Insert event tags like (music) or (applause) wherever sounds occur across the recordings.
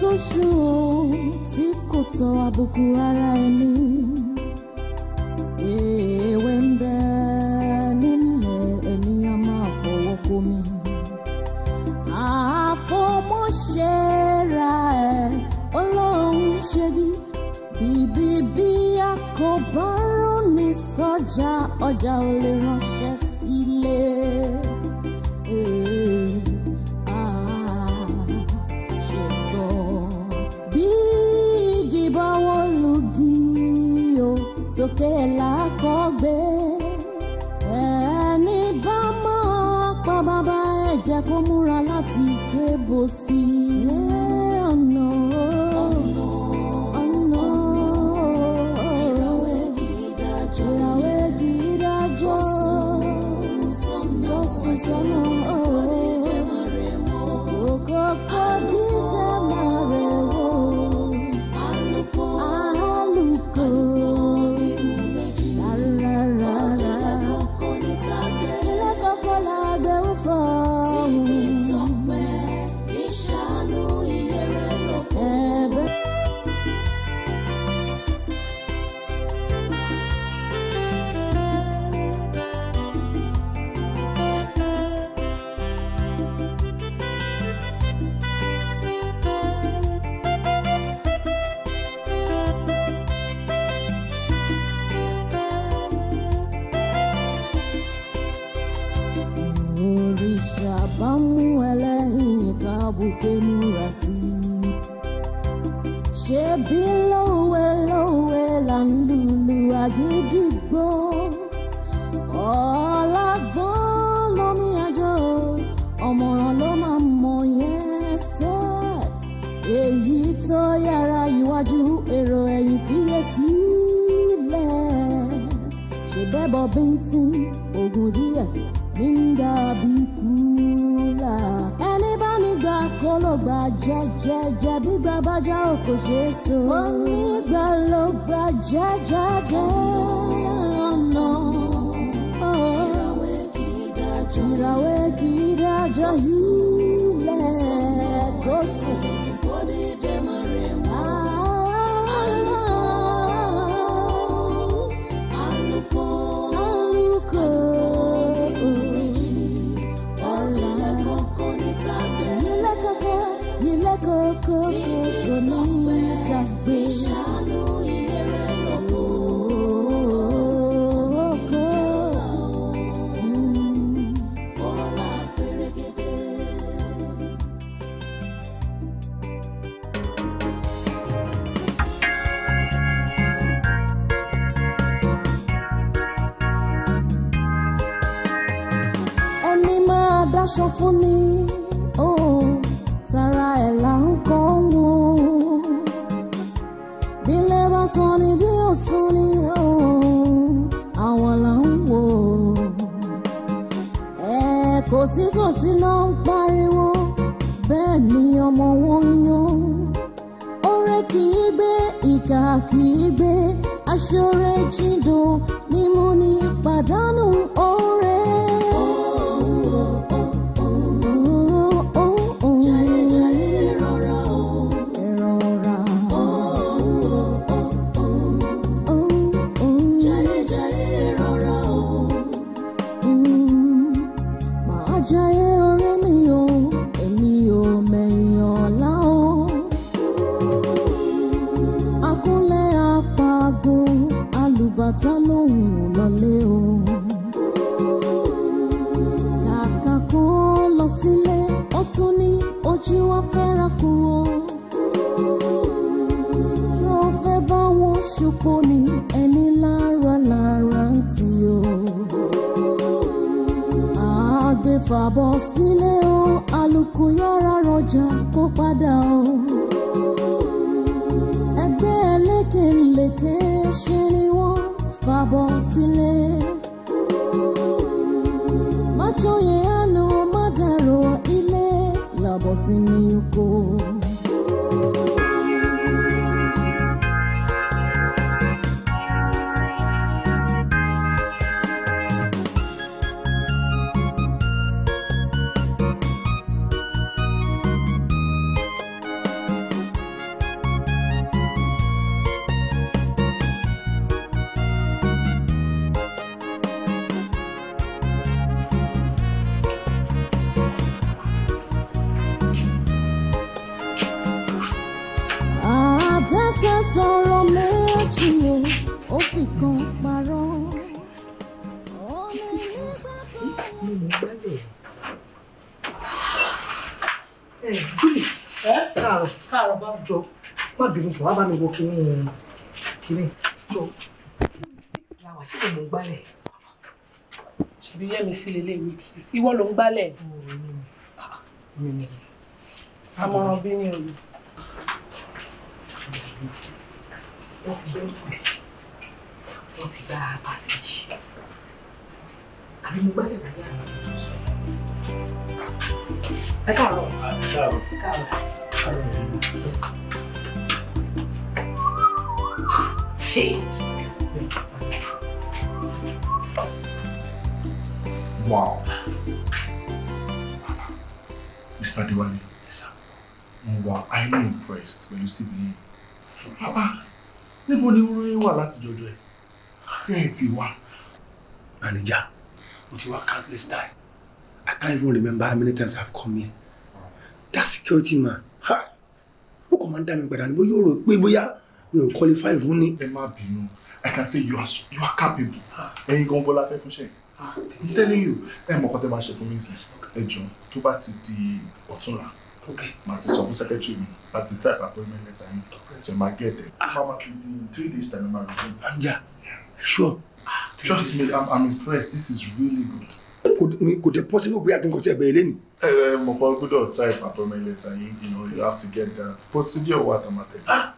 tó ṣú o tí kò tọ́ àbùkù ara ẹni èèwé ń bẹ nílẹ̀ ènìyàn máa fọwọ́ komi àfọmọ́ṣe ra ẹ̀ ọlọ́run ṣẹ́gi bíbí bí a kò bá rún ní sọ́jà ọjà ò lè ránṣẹ́. से लाख bíntín ògùn díẹ̀ ní ń dàbí kúlà. ẹni bá mi gbà kó ló bí bàbá já ṣe so. ó ní gbà ló gbà jẹ́jẹ́jẹ́ ọ̀nà. ìràwé kì í dájọ́ sílẹ̀ kó sùn. sí náà ń pariwo bẹ́ẹ̀ ni ọmọ wọn yó. Oore kì í gbé ìkà kì í gbé aṣọ́rẹ́ jíndó lè fàbọ̀ sílé o alùkò yọra rọjà kó padà o. ẹgbẹ́ ẹlẹ́kẹ̀lẹ́kẹ̀ ṣe ni wọ́n fàbọ̀ sílé. májòyè àná má dàrọ̀ ilé làbọ̀ sí mi kò. gbogbo kíní kíní jọ six la wà ṣé kò mò ń gbálẹ̀. ṣèbí yẹ́mi sí lélẹ̀ week six ìwọ ló ń gbálẹ̀. àmọ̀ràn bí ni òye. wọ́n ti bẹ́ẹ̀ pẹ́ wọ́n ti gba pàṣẹjì àbí mo gbálẹ̀ láyé àná tó sọ. ẹ káàárọ̀. ẹ káàárọ̀. ẹ káàárọ̀. ṣe. wow mr adewale mo wà highly impressed see me. Papa, ah, ah. ni orin wà láti jọjọ ẹ tí ẹ ti wà manager but you are countless times. i can't even remember how many times i've come here that security man ha Who commanded me ń dá mi padà ní bóyá ó rò mi ò qualify fún ni. ẹ má bínú i can say you are you are capable ẹyin gan bọlá fẹ fúnṣẹ ah, i'm telling you ẹ mọ kọtẹ máa ṣe fún mi sí ẹ jọ tó bá ti di ọ̀túnla màá ti sọ fún secretary mi láti type appointment letter yìí ṣe ah. máa get ẹ. mama fi di three days time ma resume. anja sure. Ah, trust me i'm i'm impressed this is really good. kò dé possible bí akin kò tẹ bẹ̀rẹ̀ lẹ́nu. ẹ ẹ mọ̀ pé gbọ́dọ̀ type appointment letter yìí you know you have to get that procedure wà tàmátẹ́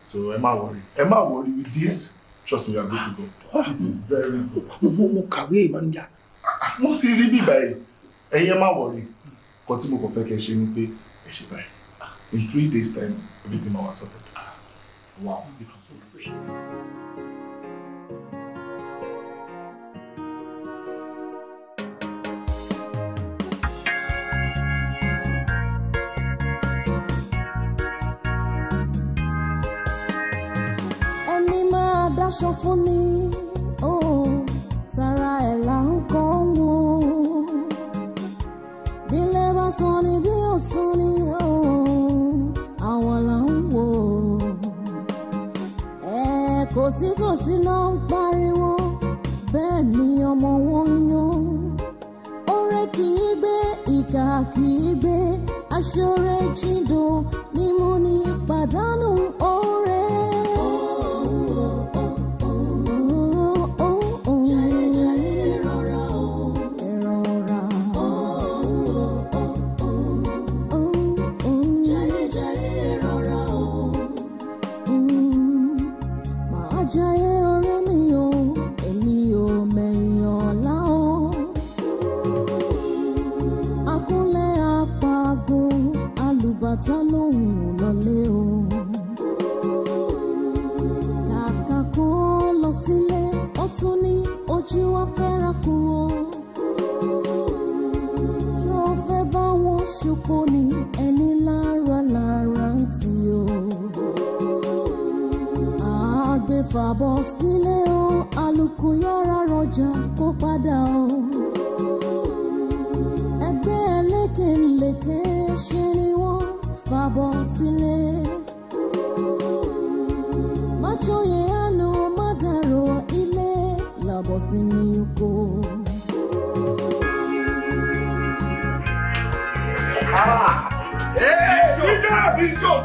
so am I worried? Am I worried with this trust me you are good to go ah. this is very good. mo mo kàwé manager. mo ti rí bí báyìí ẹ̀yin ẹ má worry kọ tí mo kàn fẹ́ kẹ́ ṣe ni in three days time everything ma wa sorted ah, wow this is very good. aláṣọ fún ni ó tara ẹ̀ là ń kọ́ wọn. bílẹ̀ bá san ni bí ó san ni ó àwọn là ń wò. ẹ kò sí kò sí ló ń pariwo bẹ́ẹ̀ ni ọmọ wọn yan. oore kì í gbé ìkà kì í gbé aṣọ rẹ̀ jìndó ni mo ní pàdánù. fàbọ̀ sílé o àlùkò yọra rọjà kó padà o. ẹgbẹ́ ẹlẹ́kẹ̀lẹ́kẹ̀ ṣe ni wọ́n fàbọ̀ sílé. májòyè àná má dàrò ilé làbọ̀ sí mi kò. Ah! Hey, Bishop! Bishop!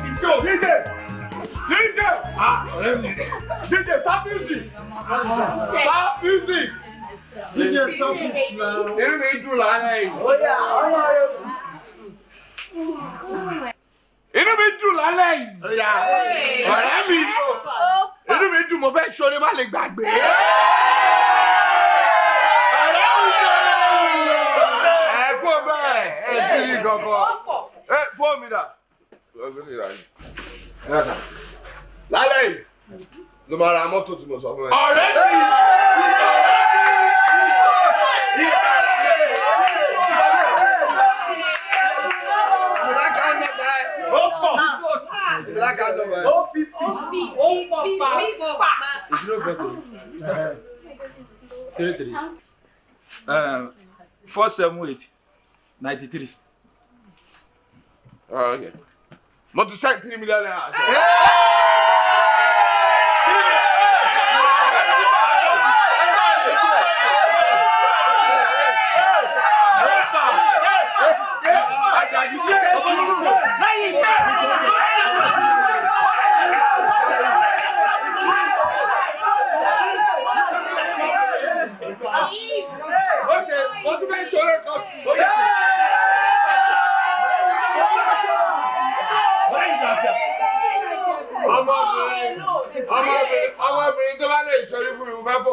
Bishop! Bishop! Bishop! Ah, DJ, stop music! Stop music! DJ, stop music now. Ele me entrou lá, né? Olha, olha. Inú mi dùn lálẹ́ yìí. Oh, Ọ̀rẹ́ mi sọ. Oh, Inú mi dùn mo fẹ́ ṣoore má lè gbàgbé. Ọ̀rẹ́ mi sọ. Ẹ kó bẹ́ẹ̀ ẹ ti rí gangan. Ẹ fóònù mi dà. Lálẹ́ yìí ló máa ra mọ́tò tí mo sọ fún ẹ. ọ̀rẹ́ mi three three um, four seven eight ninety three. Oh, okay. Mo ti sẹ́ẹ̀ three million naira.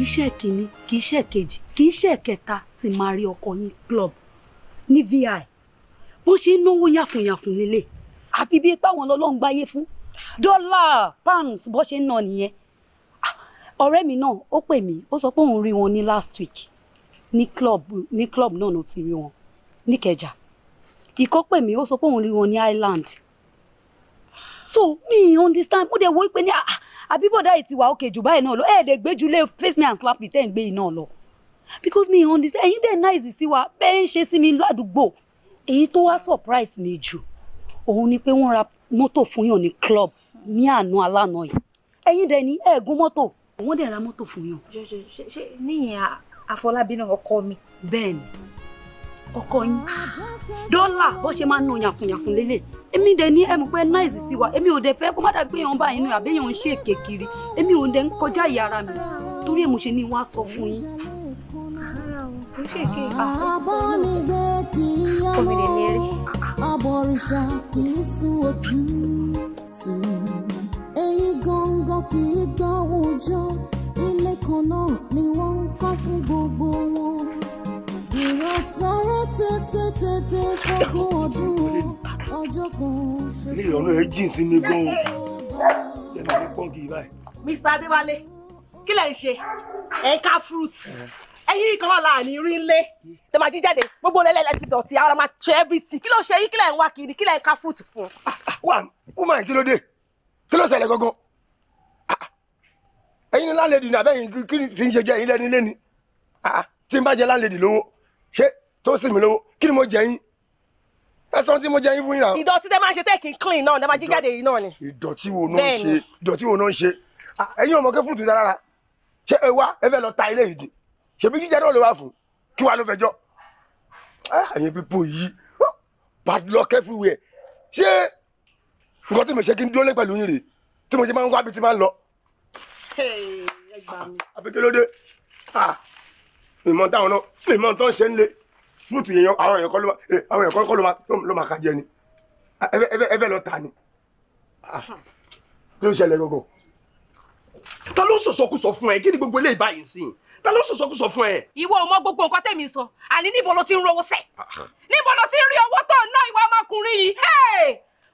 kìí ṣe kìíní kìí ṣe kejì kìí ṣe kẹta tí máa rí ọkọ yín club ní vi bó ṣe ń náwó yàfùnyàfùn lélẹ̀ àfi bíi páwọn ọlọ́run gbáyé fún dọ́là pounds bó ṣe ń ná nìyẹn ah, ọ̀rẹ́ mi náà ó pè mí ó sọ pé òun rí wọn ní last week ní club ní club náà ló ti rí wọn níkẹjà ìkọ́ pè mí ó sọ pé òun rí wọn ní island so mi understand mo dẹ̀ wo pé ní ah àbíbọ̀dá yìí ti wà òkè jù báyìí náà lọ ẹ̀ lè gbé ju lé face me and slap me tẹ́ ń gbé yìí náà lọ because mi hàn dísẹ́ ẹ̀yin dẹ̀ náìsì sí wa bẹ́ẹ̀ ń ṣe sí mi ládùúgbò èyí tó wá surprise mi jù òun ni pé wọ́n ra mọ́tò fún yàn ní club ní àná alánà yìí ẹ̀yin dẹ̀ ní ẹ̀ẹ́gún mọ́tò wọ́n dẹ̀ ra mọ́tò fún yàn. jọjọ ṣe níyìn àfọlábí náà ọkọ mi. bẹ́ẹ̀ni ọkọ yín dọ́là bó ṣe máa ń nu yàfùnyàfùn lélẹ̀ èmi dẹ̀ ní ẹmu pé náìsì sí wa èmi ò dẹ̀ fẹ́ kó má dàbí pé èèyàn bá yín nù àbí èèyàn ń ṣe èké kiri èmi ò dẹ̀ ń kọjá ìyá ara mi torí èmo ṣe ni wọ́n á sọ fún yín. abọ́nigbé kì í yánmọ́ abọ̀rìṣà kì í sun òtútù eyín gangan kì í gbọ́ òòjọ́ ilé kan náà ni wọ́n ń kọ́ fún gbogbo wọn ìrọ̀sọ̀rọ̀ tètè kókó ọdún ọjọ́ kan ṣoṣo. mi ìrọ̀lọ́ ẹ jìn sí mi gan o jẹ́nu mi pọ́n kì í báyìí. Mr. Adéwálé kí lẹ̀ ń ṣe ẹ̀ ká fruit ẹ̀yin kan náà láàánú rí ń lé tẹ máa jí jáde gbogbo rẹ lẹ́lẹ́ ti dọ̀tí ara máa ṣe everything kí ló ṣe yín kí lẹ̀ ń wá kiri kí lẹ̀ ń ká fruit fún. wà ó máa kí ló dé kí ló ṣẹlẹ̀ gangan ẹ̀yin ni láńlẹ́dì ní abẹ́yìn kí ni ti ń ṣe jẹ́ ẹ̀yin lẹ́ni lẹ́ni tí n bá jẹ láńlẹ́dì lówó ṣé tó sì mí lówó kí ni mo jẹ yín ẹ sọ tí mo jẹ yín fún yín náà. ìdọ̀tí tẹ máa ṣe tẹ́ẹ̀kì clean náà tẹ máa jí jáde yìí náà ni. ìdọ̀tí wo náà ń ṣe ìdọ̀tí wo náà ń ṣe ẹ̀yin ọmọ kẹ́ fúrùtù dára ṣé ẹ wá ẹ fẹ́ lọ ta ilé ìdì ṣèbí jíjẹ náà lè wá fún kí wàá ló fẹ́ jọ. ẹ̀yin pípò yìí bad luck everywhere ṣé nǹkan tí mo ṣe kí n dúró lé pẹ̀lú yín rèé tí mo ṣe máa ń wá bí ti máa ń lọ mímọ táwọn náà mímọ tó ń ṣe ń lé fúrúùtù yẹn àwọn èèyàn kọ́ ló máa eh, àwọn èèyàn kọ́ ló máa kájẹ ni ah, ẹ fẹ́ lọ tà ni ah, kí ló ṣẹlẹ̀ gbogbo. ta ló sọ̀sọ̀kùsọ fún ẹ kí ni gbogbo eléyìí báyìí sí ta ló sọ̀sọ̀kùsọ fún ẹ. ìwọ ò mọ gbogbo nǹkan tẹ̀mí sọ àní níbo ló ti ń rówó sẹ̀ ah. níbo ló ti ń rí owó tó ná ìwà ọmọkùnrin yìí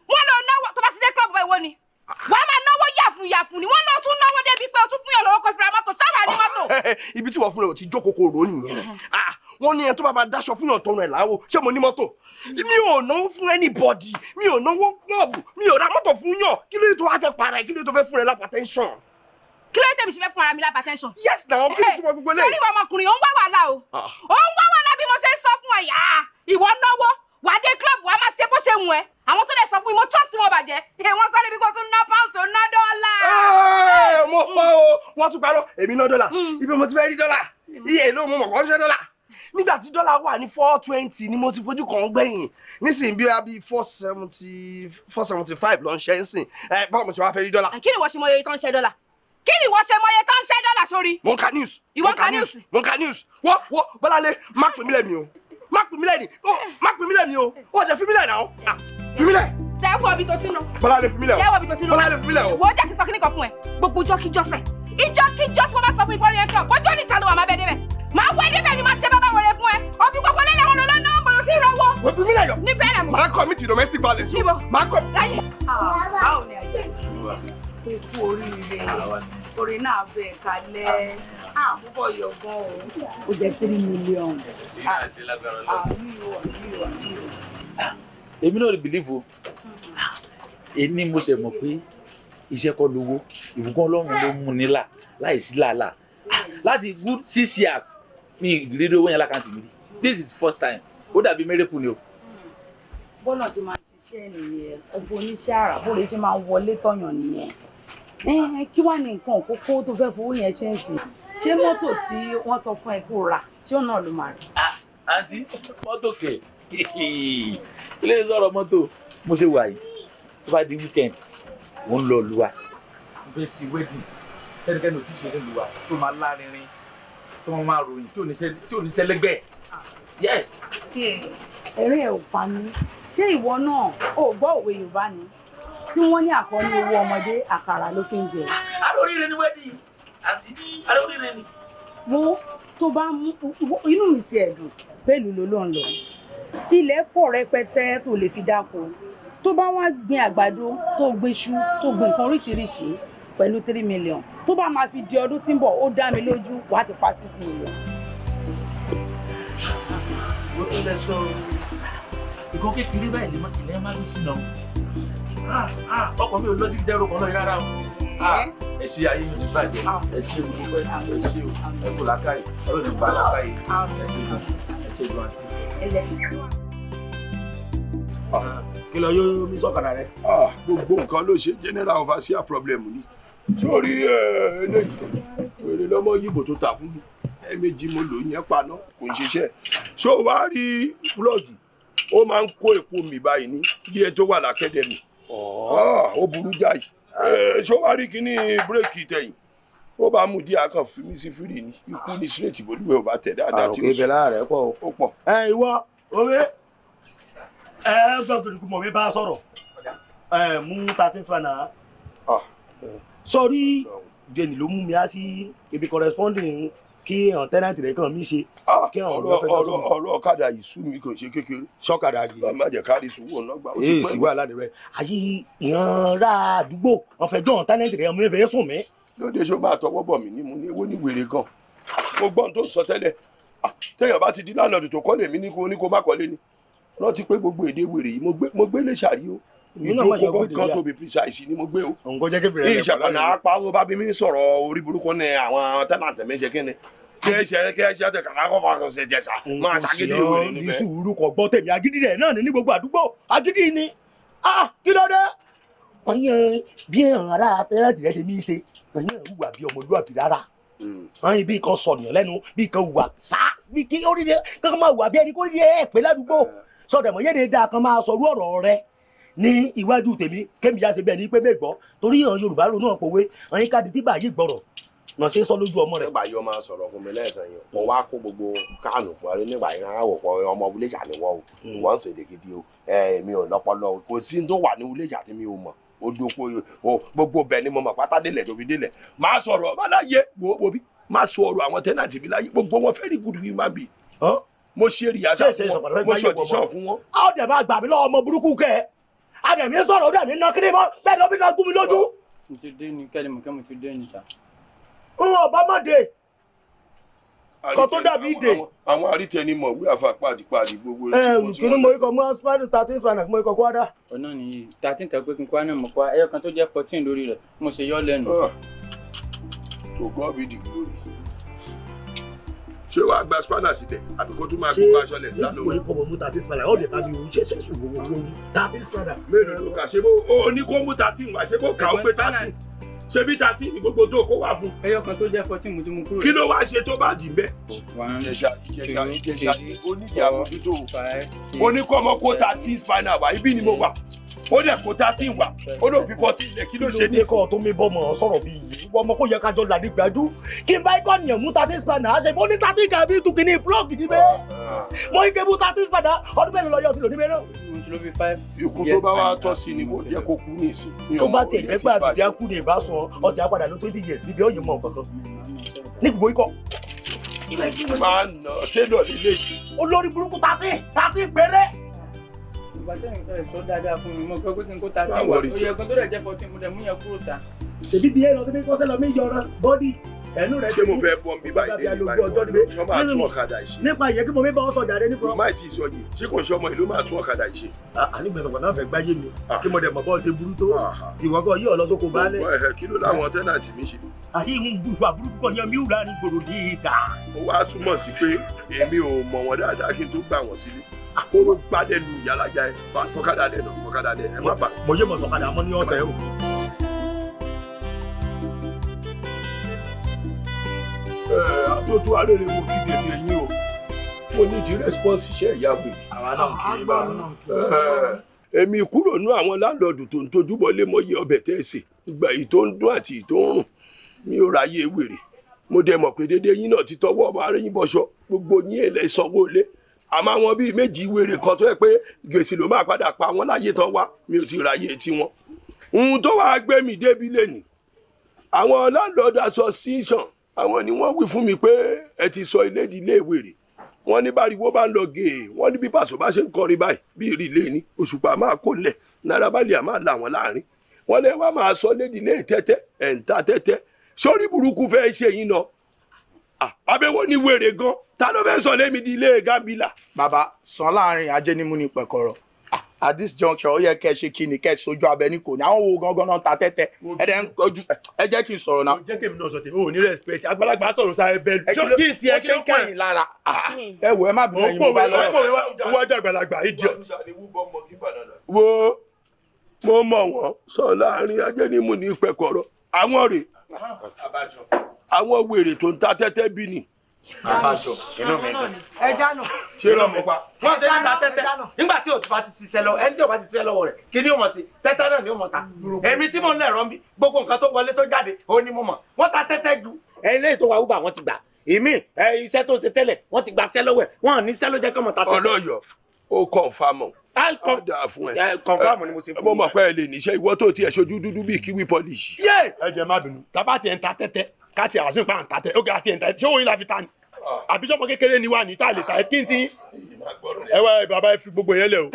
wọ́n lọ náwó tó bá ti dé club báyìí wọ́n ni wàá máa náwó yàfùn yàfùn ni wọ́n lọ tún náwó débi pé o tún fún yàn lọ́wọ́ kó fira mọ́tò sábà ní mọ́tò. (laughs) Eh, eh, ibi tí wọ́n fún ẹ ò ti jókòó kó rò nìyẹn ah, wọ́n ní ẹ tó bá máa dáṣọ fún yàn tọrọ ẹ̀ láwo ṣé mo ní mọ́tò mi ò náwó fún anybody mi ò náwó pọ́ọ̀bù mi ò ra mọ́tò fún yàn kí ló dé tó wá fẹ́ para ẹ̀ kí ló dé tó fẹ́ fún ẹ lápá tẹ́ńṣọ̀n kí ló dé tèmi ṣe fẹ́ yes na ọ kí ló túbọ̀ gbogbo lẹ́yìn. sórí ìwà ọmọkùnrin òun ah. mo ṣe ń sọ fún ẹ̀yà ìwọ wà á dé club wà á máa ṣe bó ṣe wù ẹ́ àwọn tó lè sọ fún mi mo trust wọn bàjẹ́ ẹ wọ́n sọ níbi kó tún ná pounds ná dọ́là. mo mm. fọ́ o wọ́n tún parọ́ èmi ná dọ́là mm. ibi mo ti fẹ́ rí dọ́là mm. iye ló mo mọ̀ kọ́ ṣẹ́ dọ́là nígbà tí dọ́là wà ní four twenty ni mo ti fojú kàn gbẹ̀yìn nísìnyí bí a bí four seventy four seventy five ló ń ṣe ń sìn ẹ báwo mo ti wá fẹ́ rí dọ́là. kí ni wọ́n ṣe mọ iye tó ń ṣe dọ́là kí ni wọ́n ṣe mọ iye tó ń ṣe dọ́là sórí. mo news. ìwọ ń news. mo ń news wọ́n wọ́n bọ́lá lé má pè mí lẹ́mìí o má pè mí lẹ́ni má pè mí lẹ́ni o ó jẹ́ fi mí lẹ́ni àwọn fi mí lẹ́. ṣé ẹ wọ ibi tó ti nù. bọ́lá lè fi mí lẹ́ o ṣé ẹ wọ ibi tó ti nù. bọ́lá lè fi mí lẹ́ o. wọ́n jẹ́ kí sọ kíní kan fún ẹ gbogbo ọjọ́ kíjọ́ sẹ̀ ìjọ kíjọ́ tí wọ́n bá sọ fún ìkọ́ni ẹ̀kọ́ ọjọ́ níta ló wà má bẹ́ẹ̀ débẹ̀ máa wá débẹ̀ ni máa ṣe bábà wọlé fún ẹ òfin gbogbo lẹ́lẹ̀ wọn lọ́nà ọmọ tí ì rọwọ́. wọ́n fi mí lẹ́ lọ. níbẹ̀ rẹ̀ mọ́ orin náà bẹ̀ kalẹ̀ àbúbọ̀ yọ̀gbọ́n o. ó jẹ́ three million. èmi náà bìlíìfù èmi mo ṣe mọ̀ pé iṣẹ́ kọ́ lówó ìbùkún ọlọ́run ló mú nílà láì sí làálàá láti good six years mi ìrírí owó yẹn lákàntì mi this is first time ó dàbí mẹ́rẹ́kù ni o. bọ́lá ti máa ń ṣiṣẹ́ nìyẹn ọ̀pọ̀ oníṣẹ́ àrà bó lè ṣe máa ń wọlé tọ̀yàn nìyẹn ẹ eh, kí wàá ní nǹkan kókó tó fẹ́ fowó yẹn ṣe ń sìn ṣé mọ́tò tí wọ́n sọ fún ẹ kó rà ṣé òun náà ló máa rà. Ah, àǹtí mọ́tò kẹ̀ ilé sọ̀rọ̀ mọ́tò mo ṣe wà yìí tó bá di weekend mo ń lọ lu wa. mo fẹ́ sí wedding kẹ́nikẹ́ni ò tí ì ṣe nílùú wa tó máa lárinrin tó máa ròyìn tí ò ní sẹ́lẹ́gbẹ́ yes. ẹ̀rín ẹ̀ ò pa mí ṣé ìwọ náà ò gbọ́ òwe Yorùbá ni tí wọ́n ní àkọ́ni owó ọmọdé àkàrà ló fi ń jẹ. alóríire ni weddings àti alóríire ni. mo tó bá mú inú mi ti ẹ̀dùn pẹ̀lú ló ló ń lọ ilẹ̀ pọ̀ rẹpẹtẹ tó lè fi dáko tó bá wá gbin àgbàdo tó gbinṣu tó gbin nǹkan oríṣiríṣi pẹ̀lú three million tó bá máa fi di ọdún tí ń bọ̀ ó dá mi lójú wàá ti pa six million. ó lè sọ ìkọ́ kékeré báyìí lè má lè má ọkàn mi ò lọ sí dẹ́rù kan náà rárá o ẹ ṣe ah, ayé yóò ní bàjẹ́ ah. ẹ ṣe o dúpẹ́ ẹ ṣe o ẹ kò làákàyè ah. ẹ lọ́ọ́ ní gba làákàyè ẹ ṣe o ẹ ṣe o àǹtí. kí yóò mí sọ́kàdà rẹ. gbogbo nǹkan ló ṣe general overseer problem ni sórí eh, eléyìí èrè lọ́mọ yìbò tó ta fún mi ẹ̀ẹ̀mejì mo lò yẹn paná kò ń ṣiṣẹ́ ṣó wàá rí plọ́ọ̀gì ó máa ń kó èpo mi báyìí ní bí ẹ tó wà lákẹ́dẹ̀mì Ah, ó burú jáì ah. eh, ṣó wá rí kíní bírèkì tẹ̀yìn ó bá mú díà kan fi mí sí fírì ní ikú ní síréètì bolúwe ò bá tẹ̀ dáadáa ah, tí ó sùn. àròkè ibẹ̀ láàrẹ̀ pọ̀ ó pọ̀. ẹ eh, ìwọ omi eh, ẹ fẹ́ torí kú mọ̀ mi bá sọ̀rọ̀ ẹ mú thirteen spanner. sọrí jẹni ló mú mi á sí ibi corresponding kí àwọn tẹ́nàtì rẹ̀ kàn mí ṣe. Ah, ọ̀rọ̀ ọ̀kadà yìí sú mi kò ṣe kékeré. sọ́kadà yìí. bàbá jẹ́ káàdì sùwọ̀n náà gbà. ee sì wà ládìrẹ àyè ìyanra àdúgbò ọ̀fẹ́jọ́ àwọn tẹ́nàtì rẹ̀ ọmọ ẹ̀fẹ́ sùn mí. lóde ṣó máa tọwọ́ bọ̀ mí nímú ní ewé ní wèrè gan. mo gbọ́n tó sọ tẹ́lẹ̀ ah, téèyàn bá ti di lánàá tó kọ́lé mi ní kó má kọ́lé ni rántí pé gbogbo èdè wèrè yìí mo gbé lè ṣàrí o ìjókòó kan tó be precise ni mo gbé o. ònkọ jẹ́ kébìrẹ́ rẹ̀ pàdé. ìṣàlọ́nà apá wo bá bí mi sọ̀rọ̀ orí burúkú ni àwọn tẹ́nàtẹ̀ mi ṣe kíni kẹsẹ kẹsẹ tẹ kàkà kọ fà sọsẹ jẹsà máa ṣàgídí ìwé níbẹ̀. ní sùúrù kọ gbọ́ tèmi agídí rẹ̀ náà ní gbogbo àdúgbò agídí ni kí ló dé. wọ́n yàn bí ẹ̀hàn ara tẹ́lẹ̀tì rẹ̀ ṣe ní í ṣe wọ́n yàn hùwà bí ọmọlúwàbí rárá. wọ́n hmm. yàn bí kan sọ̀nìyàn lẹ́nu bí kan hùwà sá bí kí oríire kankan máa hùwà bí ẹni kó rí ẹ̀ pẹ́ ládùúgbò eh. sọ̀dọ̀ mọ̀ yéde dáa kan máa sọ ní iwájú tèmi kémi yá ṣe bẹ́ẹ̀ ni pé mẹ́ gbọ́ torí ìran yorùbá ló náà pòwe ọ̀yin ká di bíbà yìí gbọ̀rọ̀ náà ṣe sọ lójú ọmọ rẹ. nígbà yìí sọ̀rọ̀ fún mi lẹ́sàn-án yìí mo wá kó gbogbo káànù fún ọ nígbà yìí rárá wò pọ̀ ọmọ wúlẹ̀jà ni wọ́n o hmm. wọ́n ń ṣèdè o èmi ò lọ́pọlọ o kò sí tó wà ní wúlẹ̀jà tí mi ò mọ̀ odoko gbogbo bẹ́ẹ̀ ni mo mọ̀ pátá délẹ̀ tó fi délẹ̀ máa sọ̀rọ̀ ọmọ láyé wo wo bí máa sọ ọ̀rọ̀ àwọn tẹ́nàtì mi láyé gbogbo wọn fẹ́ẹ́ mo ṣe rìyàṣà fún wọn mo ṣe òdìṣàn fún wọn. a ó dẹ̀ bá gbà lọ́wọ́ ọmọ burúkú kẹ́ ẹ àdẹ̀mí sọ̀rọ̀ ọ̀dẹ̀mí ná kí ni mọ́ bẹ́ẹ̀ ló fi ná gún mi lójú. mo ti dé ní kẹ́lẹ́ mọ̀ kẹ́ mo ti dé ní ta. n ò bá mọ̀ dé kọ tó dàbí ìdè. àwọn àríkẹ́ ni mọ̀ wíwà fà pàdípàdí gbogbo. ẹ ìkíni mo ikọ̀ mọ́ spanish thirteen spanish mo ikọ̀ kwada. ọ̀nà nìyí thirteen tẹ̀ pé kí n kwara náà mọ̀ kwara ẹyọ kan tó jẹ́ fourteen lórí rẹ̀ mo ṣe yọ lẹ́nu. to God be the glory ṣé wàá gba spanner sílẹ̀ àbí kó tún máa kó bá aṣọ lẹ̀ sá lọ́wọ́. ṣé ìwé kọ̀mọ̀ mú thirteen spanner ọ̀dẹ̀ bá mi wò ó ṣe ṣe ṣùgbọ́n owó owó thirteen spanner. mélòó ló kà ṣe bó o ní kó mú thirteen wá ṣe kó kà ó pé thirteen ṣe bí thirteen ní gbogbo tó kó wà fún. ẹyọ kan tó jẹ́ fourteen mo ti mú kúrò. kí ló wá ṣe tó bá dì bẹ́ẹ̀. onídìí àmójútó oníkọ́mọ kó thirteen spanner wá ibi ni mo wà ó dẹ̀ kó thirteen wà ó lò fi fourteen lẹ̀ kí ló ṣe ní. kílódé kọ́ tó mi bọ́ mọ̀ sọ̀rọ̀ bí yìí wọ́n mọ̀ kó yẹ kájọ là ní gbájú kí n bá ikọ̀ nìyẹn mú thirteen spanner àṣẹ mo ní thirteen kan bí tukini block yìí bẹ́ẹ̀ ah. mo ní kébù thirteen spanner ọdún mẹ́rin lọ́yọ̀ ti lò ní mẹ́rin. ikú tó bá wa tọ́ sí ni mo jẹ́ kó kú ní ìsìn. tó bá tẹ̀ jẹ́ pé àtìtì á kú ní ìbá sọ ọtí á padà lọ twenty years níbi ọ̀yẹ̀ mọ̀ nǹkan kan ní gbogbo ikọ̀ olórí burúkú tàtí tàtí péré ìgbà tẹ́yìn tẹ́ sọ dáadáa fún mi mo gbọ́ pé kí n kó ta tí wà ó yẹ kó tó rẹ̀ jẹ́ fourteen mo dẹ̀ mú yẹn kúrò sá. ṣèbí bí ẹ lọ síbi kọ́sẹ́ lọ mí yọrọ bọ́dì ẹnu rẹ ti mú ṣé mo fẹ́ bọ́ mi báyìí dé nípa ìwọ ọjọ́ máa tún ọ̀kadà ìṣe. nípa ìyẹn kí mo fi bá ọ sọjà rẹ nípa. máì tí ì sọyè ṣé kò ń ṣe ọmọ ìlú máa tún ọ̀kadà ìṣe. ànígbèsọ̀gbọ̀n náà fẹ́ gbáyé mi ah. kí mo dẹ̀ mọ̀ bọ́ ṣe burú tó ìwọ kan yí ọ̀lọ́ tó kó baálẹ̀. kí ló láwọn tẹ́nàtì mi ṣe. àyè ń bu ìwà burúkú kan yan miura ní gbòòrò dídà. ó wá túmọ̀ sí pé èmi ò mọ̀ wọ́n dáadáa kóró gbálẹ́nu ìyálàjà ẹ̀ fa fọ́kadà lẹ̀ náà fọ́kadà lẹ̀ ẹ̀ má bà. mo yé mọ̀ sọ̀kadà ní ọ̀sẹ̀ o. àtòtò arére wo kí lèmi ẹ̀yìn o mo ní di response iṣẹ́ ìyá mi. àwa náà kì í bá èmi kúrò nú àwọn láńlọ́ọ̀dù tó ń tojú bọ́lé mọ́ yí ọbẹ̀ tẹ́ ẹ sè gbà tó ń dún àti èyí tó ń rùn mi ò ráyè wèrè mo dẹ̀ mọ̀ pé déédéé yín náà ti tọwọ́ ọmọ aráyìn bọ́ṣọ gbogbo yín ẹ̀ lẹ́sọ̀wọ́ lé àmọ́ àwọn bíi méjì wèrè kan tó yẹ pé gbèsè ló máa padà pa wọn láyé tán wá mi ò ti ráyè tiwọn. ohun tó wàá gbé mi débi lẹ́nu àwọn landlord association àwọn ni wọ́n wí fún mi pé ẹ ti sọ ilé di ilé wèrè wọ́n ní báriwo bá ń lọ gèè wọ́n ní bí pàṣọ bá ṣe ń kọrin báyìí bí ìrì lé òṣùpá máa kó lẹ̀ náírà bá lè à máa là wọ́n láàrin wọ́n lè máa sọ lédi ilé tẹ́tẹ́ ẹ̀ ń ta tẹ́tẹ́ sórí burúkú fẹ́ ṣe yín náà Ah, abẹ́wò ni wèrè gan ta ló fẹ́ sọ lémi di ilé gambila. bàbá sàn láàrin ajénímù ni pẹ̀kọ̀rọ̀ at this juncture ó yẹ kẹ́ ẹ ṣe kí ni kẹ́ ẹ sojú abẹ ní kò ní àwọn wo gangan náà ta tẹ́tẹ́ ẹ dẹ́ ń kojú ẹ jẹ́ kí n sọ̀rọ̀ náà. jẹ́ kí n náà sọ tèmi ò ní respect àgbàlagbà sọ̀rọ̀ sa ẹ bẹ́ẹ̀ lù. kí n tiẹ̀ ṣe ń kẹ́yìn lára ẹ wò ẹ má bínú ẹ̀yin mo bá lọ. wọ́n jẹ́ àgbàlagbà idiot. wo mo mọ̀ wọ́n sọ láàrin ajénímù ní pẹ̀kọ̀rọ̀ àwọn rè àwọn wèrè tó ń ta tẹ́tẹ́ bí ni. abájọ inú mi dùn. ẹja nù. ṣé ló mú pa. wọ́n ṣe ń ta tẹ́tẹ́ nígbà tí òtún bá ti ṣiṣẹ́ lọ ẹni tí ò bá ti ṣiṣẹ́ lọ́wọ́ rẹ̀ kí ni ó mọ̀ sí tẹ́tẹ́ náà ni ó mọ̀ ta. èmi tí mò ń lẹ̀rọ mi gbogbo nǹkan tó wọlé tó jáde ó ní mo mọ̀ wọ́n ta tẹ́tẹ́ ju. ẹyin lẹ́yìn tó wà wúbà wọ́n ti gbà èmi iṣẹ́ tó ń ṣe tẹ́lẹ̀ wọ́n ti gbà sẹ́lọ́wọ́ ẹ̀ wọ́n ní sẹ́lọ́jẹ́ ni mo ṣe fún mi. mo mọ̀ ẹ lè níṣẹ́ ìwọ tó tiẹ̀ ṣojú dúdú bíi kiwi polish. ẹ jẹ́ má bínú tá bá ń ta tẹ́tẹ́ káàtì àwọn àṣùnpá àǹtà tẹ ókè àti ẹ̀ǹtà ṣé òun yìí la fi ta ni ah. àbí sọmọ kékeré ni wà ní tá a ta ẹ kí n ti ẹ wá bàbá ẹ fi gbogbo yẹn lẹ o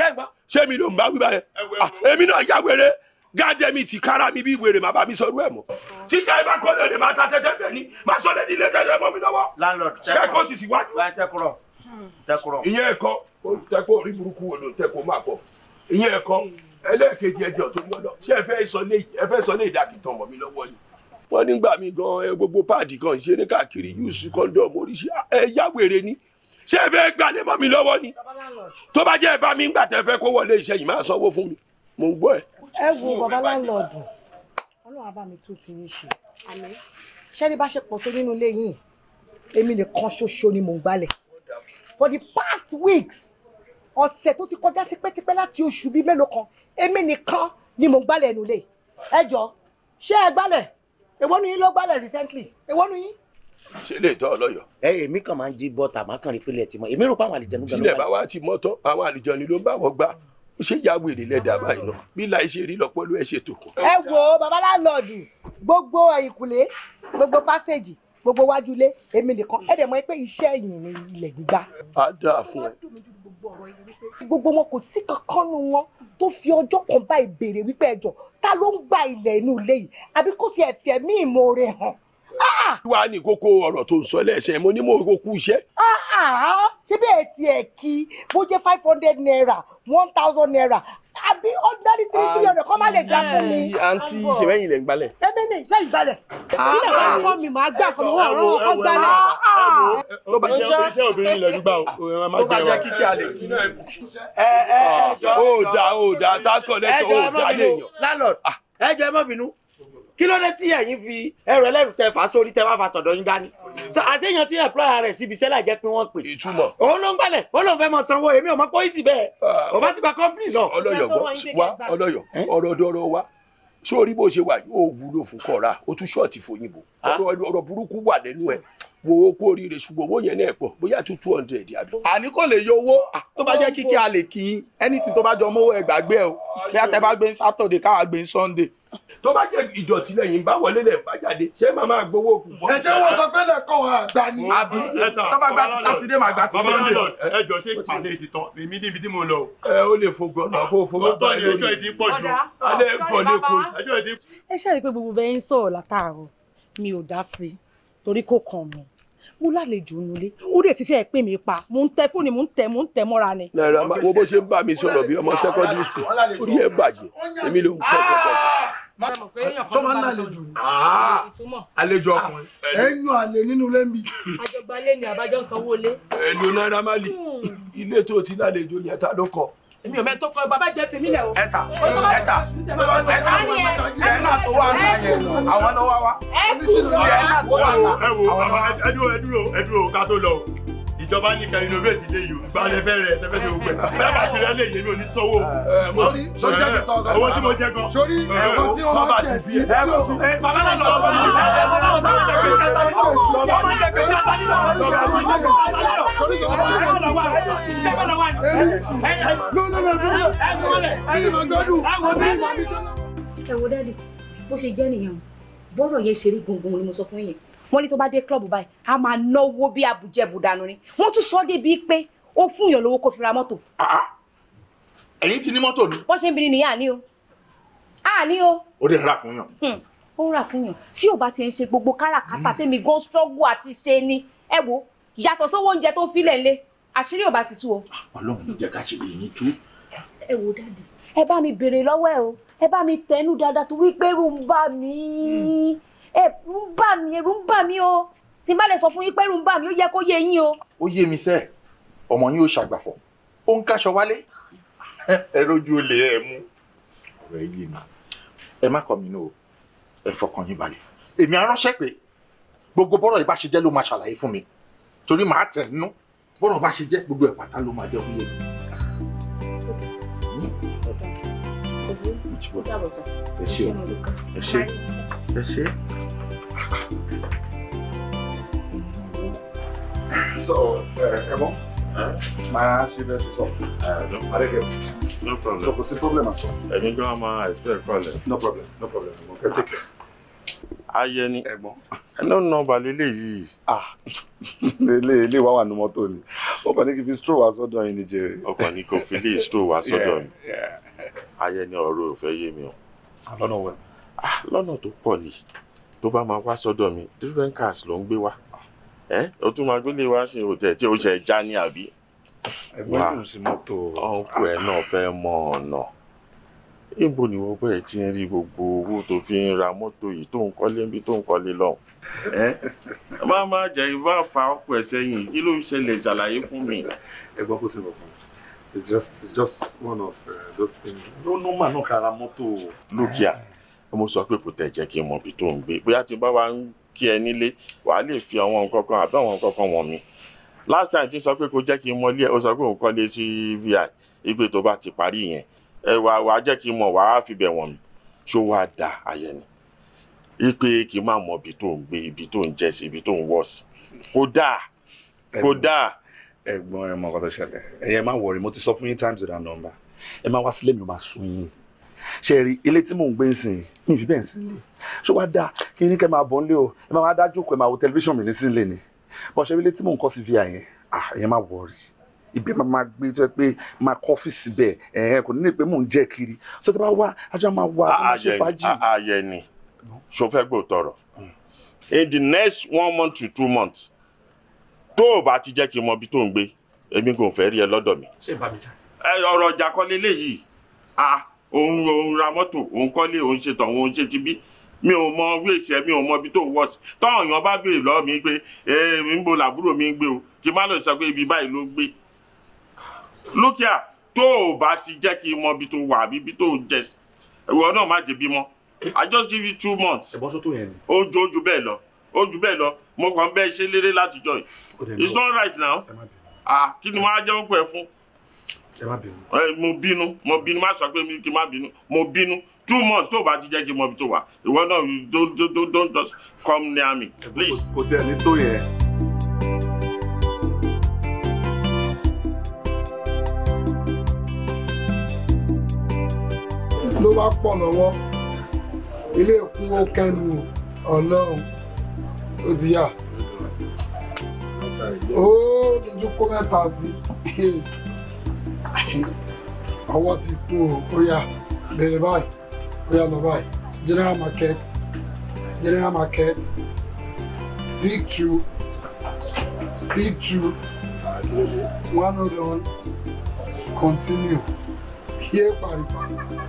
ṣé mi ló ń bá wí báyẹn ah, èmi náà yá wèrè gádẹ́mì ti kára mi bí wèrè má bá mi sọ̀rọ̀ ẹ̀ mọ́ jíjẹ́ ibà kọ́ lè má ta tẹ́tẹ́ bẹ̀ ni má sọ lẹ́ni ilé tẹ́tẹ́ mọ́ mi lọ́wọ́ ṣẹ́kọ̀ sì sì wájú ìyẹn ẹ̀kọ́ tẹ́kọ̀ orí burúkú wo ló ń tẹ́kọ̀ máa bọ̀ ìyẹn ẹ̀kọ́ ẹlẹ́ẹ̀kejì ẹjọ́ tó ń gbọ́dọ̀ ṣé ẹ fẹ́ sọ lé ìdákìtàn mọ́ mi lọ́wọ́ ni wọ́n nígbà mí gan gbogbo páàdì kan ìṣeré káàkiri yúùsù kọ́ńdọ̀mù oríṣi ẹ̀yà wèrè ni ṣé ẹ fẹ́ gbalẹ̀ mọ́ mi lọ́wọ́ ni tó bá jẹ́ ẹ bá mi ń gbà tẹ́ fẹ́ kó wọlé iṣẹ́ yìí máa sanwó fún mi mò ń ẹ. ẹ wo bàbá láńlọ́ọ̀dù ọlọ́run mi tún ti yín ṣe ṣé ní bá ṣe pọ̀ tó nínú ilé yìí èmi nìkan ṣoṣo ni mò ń gbalẹ̀ for the past weeks ọ̀sẹ̀ tó ti kọjá tipẹ́tipẹ́ láti oṣù bíi mélòó kan èmi nìkan ni mò ń gbalẹ̀ nulẹ̀ ẹ jọ ṣé ẹ gbalẹ̀ èwo nu yín ló gbálẹ̀ recently èwo nu yín. ṣé lè tọ́ ọlọ́yọ̀. ẹ èmi kàn máa ń jí bọ́tà máa kàn rí pé ilẹ̀ èmi rò pé àwọn àlejò ló ń bá bá wa ti mọ́ tán àwọn àlejò ló ń bá wọn gbà ó ṣe ya wèrè lẹ́dàá báyìí náà bí láì ṣe rí lọ́pọ̀ ló ẹ̀ ṣe tó. ẹ wo baba láńlọ́ọ̀dù gbogbo ìkùlé gbogbo pásẹ̀jì gbogbo wájúlé èmi nìkan ẹ̀ dẹ̀ mọ̀ pé iṣẹ́ ìyìn ni ilẹ̀ gbígbá. a dáa fún ẹ gbogbo ọ̀rọ̀ yìí wípé gbogbo wọn kò sí kankan nu wọn tó fi ọjọ́ kan bá ìbéèrè wípé ẹjọ́ ta ló ń gba ilẹ̀ inú ilé yìí àbí kó tiẹ̀ fẹ́ mí ìmoore hàn. Ah! wá ní kókó ọ̀rọ̀ tó ń sọ lẹ́sẹ̀ mo ní mo kó kú iṣẹ́. Ah, ah, ṣé bẹ́ẹ̀ tiẹ̀ kí bó jẹ́ five hundred naira one thousand naira àbí ordinary three three hundred kọ́ má lè dá fún mi. àǹtí ṣèwẹ́yìn ilẹ̀ ń gbalẹ̀. ẹbí ni ìjẹ́ ìgbalẹ̀ sílẹ̀ bá kọ́ mi máa gbà kọ́ mi wọ́n ọ̀rọ̀ ah, ah, ọkọ̀ ah, gbalẹ̀. tó bá jẹ́ iṣẹ́ obìnrin ilẹ̀ gbígbà o ẹ máa gbẹ wa. tó bá jẹ́ kíkẹ́ alẹ́ kí náà ẹ̀ kú. ó dà ó dà tax collector ó dà léèyàn. ẹ jọ ẹ má bínú kí ló dé tí ẹ̀yin fi ẹrù ẹlẹ́rù tẹ fà sórí tẹ wá fà tọ̀dọ̀ yín dání. so àṣeyàn tí ẹ̀plára rẹ̀ síbi sẹ́là jẹ́ pé wọ́n pè. ìtumọ̀. òun ló ń gbálẹ̀ òun ló ń fẹ́ mọ sanwó èmi ò mọ pé ìsì bẹ́ẹ̀ ò ah. bá ti gba kọ́mpìnì náà. ọlọyọ gbọ́ wa ọlọyọ eh? ọ̀rọ̀ dọ̀rọ̀ wa sórí bó ṣe wà yóò wúlò fún kọra ó tún ṣọ́ọ̀tì fòyìnbó ah. ọ̀rọ̀ burúkú wà lẹ́nu ẹ wo kó oríire ṣùgbọ́n owó yẹn náà pọ̀ bóyá two two hundred àbí. àní kò lè yọ owó ah, tó bá jẹ́ kíkí a lè kí anything tó bá jọ mọ́wọ́ ẹ gbàgbé o bí a tẹ bá gbé Saturday káwa gbé Sunday. tó bá jẹ́ ìdọ̀tí lẹ́yìn bá wọlé lẹ̀ bá jáde ṣé màmá gbowó òkú. ẹ jẹ́ wọ́n sọ pé lẹ́kọ̀ọ́ wa gbà ní. àbí tó bá gbà ti Saturday máa gbà ti Sunday. ẹ jọ ṣé pàdé ti tán èmi níbi tí mo lọ. ẹ ó lè fogbọn náà kó fogbọn náà lórí. ọ̀dà ẹ ṣàrí pé gbogbo bẹ́ẹ̀ ń sọ̀rọ̀ látàárọ̀ mi ò dá sí i torí kò kàn mí mo lálejò nulẹ̀ ó dẹ̀ ti fẹ́ pè mí pa mò ń tẹ fóònù mò ń tẹ mò ń tẹ mọ́ra ni. náírà wo bó ṣe ń bá mi sọ̀rọ̀ bí ọmọ secondary school orí ẹ̀ bàjẹ́ èmi ló ń kọ́ kọ́kọ́. sọ́mọ náà àlejò ni. Ah! àlejò ọkùnrin. Ah! ẹ̀yìn àlè nínú ilé mi. àjọgbá ilé ni àbájọ sanwó-olé. ẹ̀lò náírà má lè hmm. ilé tó ti lálejò yẹn ta ló kọ́ èmi ò mẹ tó kọ bàbá jẹ tèmi lẹ o. ẹ sà ẹ sà ẹ sà sienna tó wà náà yẹn àwọn ló wá wá sienna tó wà náà. ẹ wo ẹ dúró ẹ dúró ẹ dúró ká tó lọ o ìjọba ní ká innovate ilé yorùbá lè fẹ́ rẹ̀ lẹ́fẹ́ ṣe gbogbo ẹ̀ bẹ́ẹ̀ bá lè yé mi ò ní sanwó. sori sori ṣe ti sọ ọgá owó tí mo jẹ gan. sori ẹ̀wọ̀n tí wọ́n máa jẹ sí. bàbá náà lọ bá mi ẹ̀ ẹ̀ bàbá náà bá mi tẹ̀ gbèsè àtàlí lọ. bàbá náà tẹ̀ gbèsè àtàlí lọ. sori tó bá wà lọ wà ṣé bá lọ wà ní. ẹ wo dáàdi bó ṣe jẹ́ nìyẹn bọ́rọ̀ yẹn ṣeré gbọ̀ngbọ̀n ni mo sọ fún yín wọ́n ní tó bá dé club báyìí a máa náwó bí abùjẹbù dànù ni wọ́n tún sọ débi pé ó fún yàn lówó kó fi ra mọ́tò. Ah, ah. ẹ̀yin ti ní mọ́tò ni. bó ṣe ń biri nìyá àní o àní o. ó dẹ̀ rà fún yàn. Hmm. ó rà fún yàn tí ò bá ti ń ṣe gbogbo káràkátà hmm. tèmi gan struggle àti ṣe ni ẹ wo yàtọ̀ sówó oúnjẹ tó filẹ̀ lé àṣírí ò bá ti tú o. Ọlọ́run jẹ́ ká ṣe èyí tú. ẹ wo dáàdì ẹ bá mi béèrè lọ́wọ́ ẹ o ẹ bá mi tẹnu dáadáa torí pé rú ń mi. Mm ẹ̀rù ń bà mí ẹ̀rù ń bà mí o tí n bá lè sọ fún yín pé ẹ̀rù ń bà mí ó yẹ kó yé yín o. ó yé mi sẹ́ẹ̀ ọmọ yín ò ṣàgbàfọ̀ ó ń káṣọ wálé (laughs) ẹ rójú olè ẹ mú ọ̀rọ̀ yé mi ẹ má kọ̀ mí nù o ẹ fọkàn yín balẹ̀ èmi aránṣẹ́ pé gbogbo bọ́rọ̀ ìbá ṣe jẹ́ ló máa ṣàlàyé fún mi torí màá tẹ̀ nínú bọ́rọ̀ bá ṣe jẹ́ gbogbo ẹ̀ pátá ló máa jẹ́ fún yé mi. much but ẹ ṣé o ẹ ṣé ẹ ṣé. so eh, ẹ bọ́ máa ṣe bẹ́ẹ̀ sọ. no problem. so kò sí problem at all. ẹ̀yin gan-an problem. no problem no problem. okay take care ayẹ ni ẹ̀gbọ́n ẹnà nọ́mbà lélẹ yìí. Ah, lélẹ ilé wa wà ní mọ́tò ni ó kàn ní kí fi stroll wá sọ́dọ̀ yín ní jèrè. ọkàn ní kò fi lè stroll wá sọ́dọ̀ mi ayẹ ni ọ̀rọ̀ ò fẹ́ yé mi o. Ah, lọ́nà wẹ̀. Ah, lọ́nà tó pọ̀ ni tó bá máa wá sọ́dọ̀ mi different cars ló ń gbé wá ẹ o tún máa gbélé wá sí òtẹ̀ tí o ṣe já ní àbí. ẹgbẹ́ ìlú sí mọ́tò. ọ̀nkù ẹ̀ náà fẹ́ mọ ọ̀nà. No níbo ni wọ́n bẹ̀rẹ̀ ti ń rí gbogbo owó tó fi ń ra mọ́tò yìí tó ń kọ́lé níbi tó ń kọ́lé lọ. ẹ má má jẹ ìbá fa ọkọ ẹ sẹ́yìn kí ló ń ṣẹlẹ̀ ṣàlàyé fún mi. ẹ gbọ́ kó sì lọ fún mi it's just it's just one of uh, those things. ló nú mà náà kára mọ́tò. lókìá mo sọ pé kò tẹ̀ jẹ́ kí n mọ ibi tó ń gbé bóyá tí n bá wa ń kí ẹ nílé wàá lè fi àwọn nǹkan kan àbí àwọn nǹkan kan wọ̀n mi last time tí sọ pé kò jẹ́ kí n mọ ilé ẹ ó sọ pé òun kọ́lé sí vi ìgbé tó bá ti parí yẹn ẹ wà wà jẹ́ kí n mọ̀ wà fi bẹ̀ wọ̀n mi ṣó wàá da àyẹ̀ni ipe kì í má mọ ibi tó ń gbé ibi tó ń jẹ sí ibi tó ń wọ̀ sí kódà kódà. ẹ̀gbọ́n ẹ mọ ọkọ tó ṣẹlẹ̀ ẹyẹ má wọrí mo ti sọ fún yín times that number ẹ má wá sílé mi má sún yín ṣe rí ilé tí mò ń gbé ń sìn mi fi bẹ́ẹ̀ ń sílé ṣó wàá da kí ní kẹ́ máa bọ̀ nílé o ẹ má wá dájú pé máa wo tẹlifíṣàn mi ní sílé ni bọ́ṣẹ́ ilé tí mò ń kọ́ sí vi àyẹn ah má wọrí ibẹ̀ máa máa gbé tó yẹ pé máa kọ́ ọ́fíìsì bẹ̀ ẹ̀hẹ́n kò ní lè pé mò ń jẹ́ kiri sọ tí bá wá ajá máa wá máa ṣe fàájì. ààyè ni ṣo fẹ́ gbọ́ tọrọ in the next one month to two months tó o bá ti jẹ́ kí n mọ ibi tó ń gbé èmi kò fẹ́ rí ẹ lọ́dọ̀ mi. ṣé ìbámu jà. ẹ ọ̀rọ̀ ọjà kọ́ lélẹ́yìí ah òun òun ra mọ́tò òun kọ́lé òun ṣe tọ̀ òun ṣe ti bí mi ò mọ wíìsì ẹ mi ò mọ ibi tó wọ sí tọ́ọ̀yàn bá béèrè lọ́wọ́ mi pé ẹ ń bo làbúrò mi gbé o kí n má lọ sọ pé ibi báyìí ló ń gbé look here tó o bá ti jẹ́ kí n mọ ibi tó wà àbí ibi tó jẹ sí ìwọ náà má jẹ̀bi mọ́ i just give you two months. ẹ̀bọ́n sọ́tò yẹn ni. ó ju ojú bẹ́ẹ̀ lọ ó ju bẹ́ẹ̀ lọ mo kàn bẹ́ẹ̀ ṣe léré látijọ́ yìí it's not right now ah kí ni wọ́n á jẹun pẹ̀ fún. ẹ má bínú. ẹ mo bínú mo bínú má sọ pé mi kì má bínú mo bínú two months tó o bá ti jẹ́ kí n mọ ibi tó wà ìwọ náà you don't don't don't just come near me please. kò tẹ̀ ní tó yẹn. tó bá pọ̀ lọ́wọ́ ilé ìkún ó kẹnu ọlọ́run ó ti yà ó dojú kó mẹ́ta sí ọwọ́ ti kú o ó yà bẹ̀rẹ̀ báyìí ó yà lọ báyìí general market general market big two big two one hold on continue yé pariwo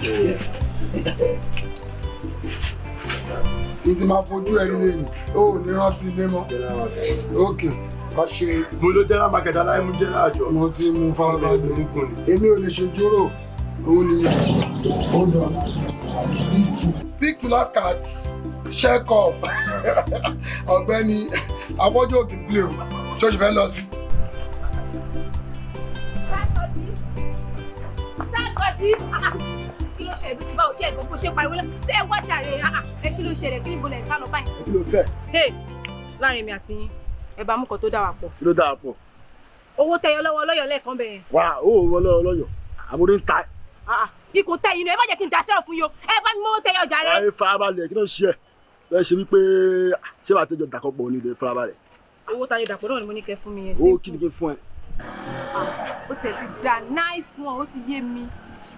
ní ti máa fojú ẹ̀rí lẹ́yìn ó ní rántí ilé mọ́ ok wá ṣe. mo ló jẹ́ náà láì mú jẹ́ náà mo ti mú farabalẹ̀ èmi ò lè ṣe jóró òun ni big two last card check up ọ̀gbẹ́ni afọ́jú òkè ń play o ṣọ́ọ̀ṣì fẹ́ lọ sí. sáàkọ̀dí sáàkọ̀dí ló ṣẹlẹ̀ bí ti bá òṣè ẹ̀gbọ́n bó ṣe pariwo lọ ṣé ẹ wájà rẹ ah, ah. ẹ kí ló ṣẹlẹ̀ kí níbo lẹ̀ sá lọ báyìí. kí ló fẹ́. láàrin mi àti yín ẹ bá mú kan tó dà wà pọ̀. kí ló dà wà pọ̀. owó tẹyọ lọ́wọ́ lọ́yọ̀ lẹ́ẹ̀kan bẹ̀rẹ̀. wà á ó wọ lọ́wọ́ lọ́yọ̀ àbúrò ń ta. Ah, ikùn tẹ yìí ni ẹ má jẹ́ kí n dasẹ́rọ̀ fún yín o ẹ bá mi mọ́wọ́ ni mo ní kẹ́ fún mi yẹn. owó kí ni kí n fún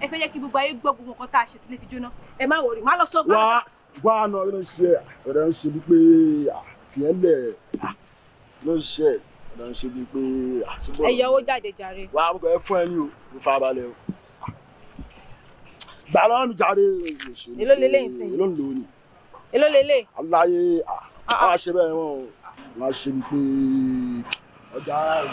ẹ fẹ́ jẹ́ kí gbogbo ayé gbọ́ gbogbo nǹkan tá a ṣe tí lè fi jóná ẹ má wọrí má lọ sọ fún wa. wá àná ló ń ṣe ọ̀rẹ́ ń ṣe bíi pé àfihànlẹ̀ ló ń ṣe ọ̀rẹ́ ń ṣe bíi pé. ẹyọ owó jáde jàre. wà á ẹ fún ẹ ní o mo fa balẹ̀ o. gbà lọ́wọ́ mi jáde. èló lélẹ̀ ìsìn. èló ń lò ó ni. èló lélẹ̀. aláyé àwọn aṣẹ́ ah, ah. bẹ́ẹ̀ wọ́n wọ́n ṣe bíi pé ọjà ara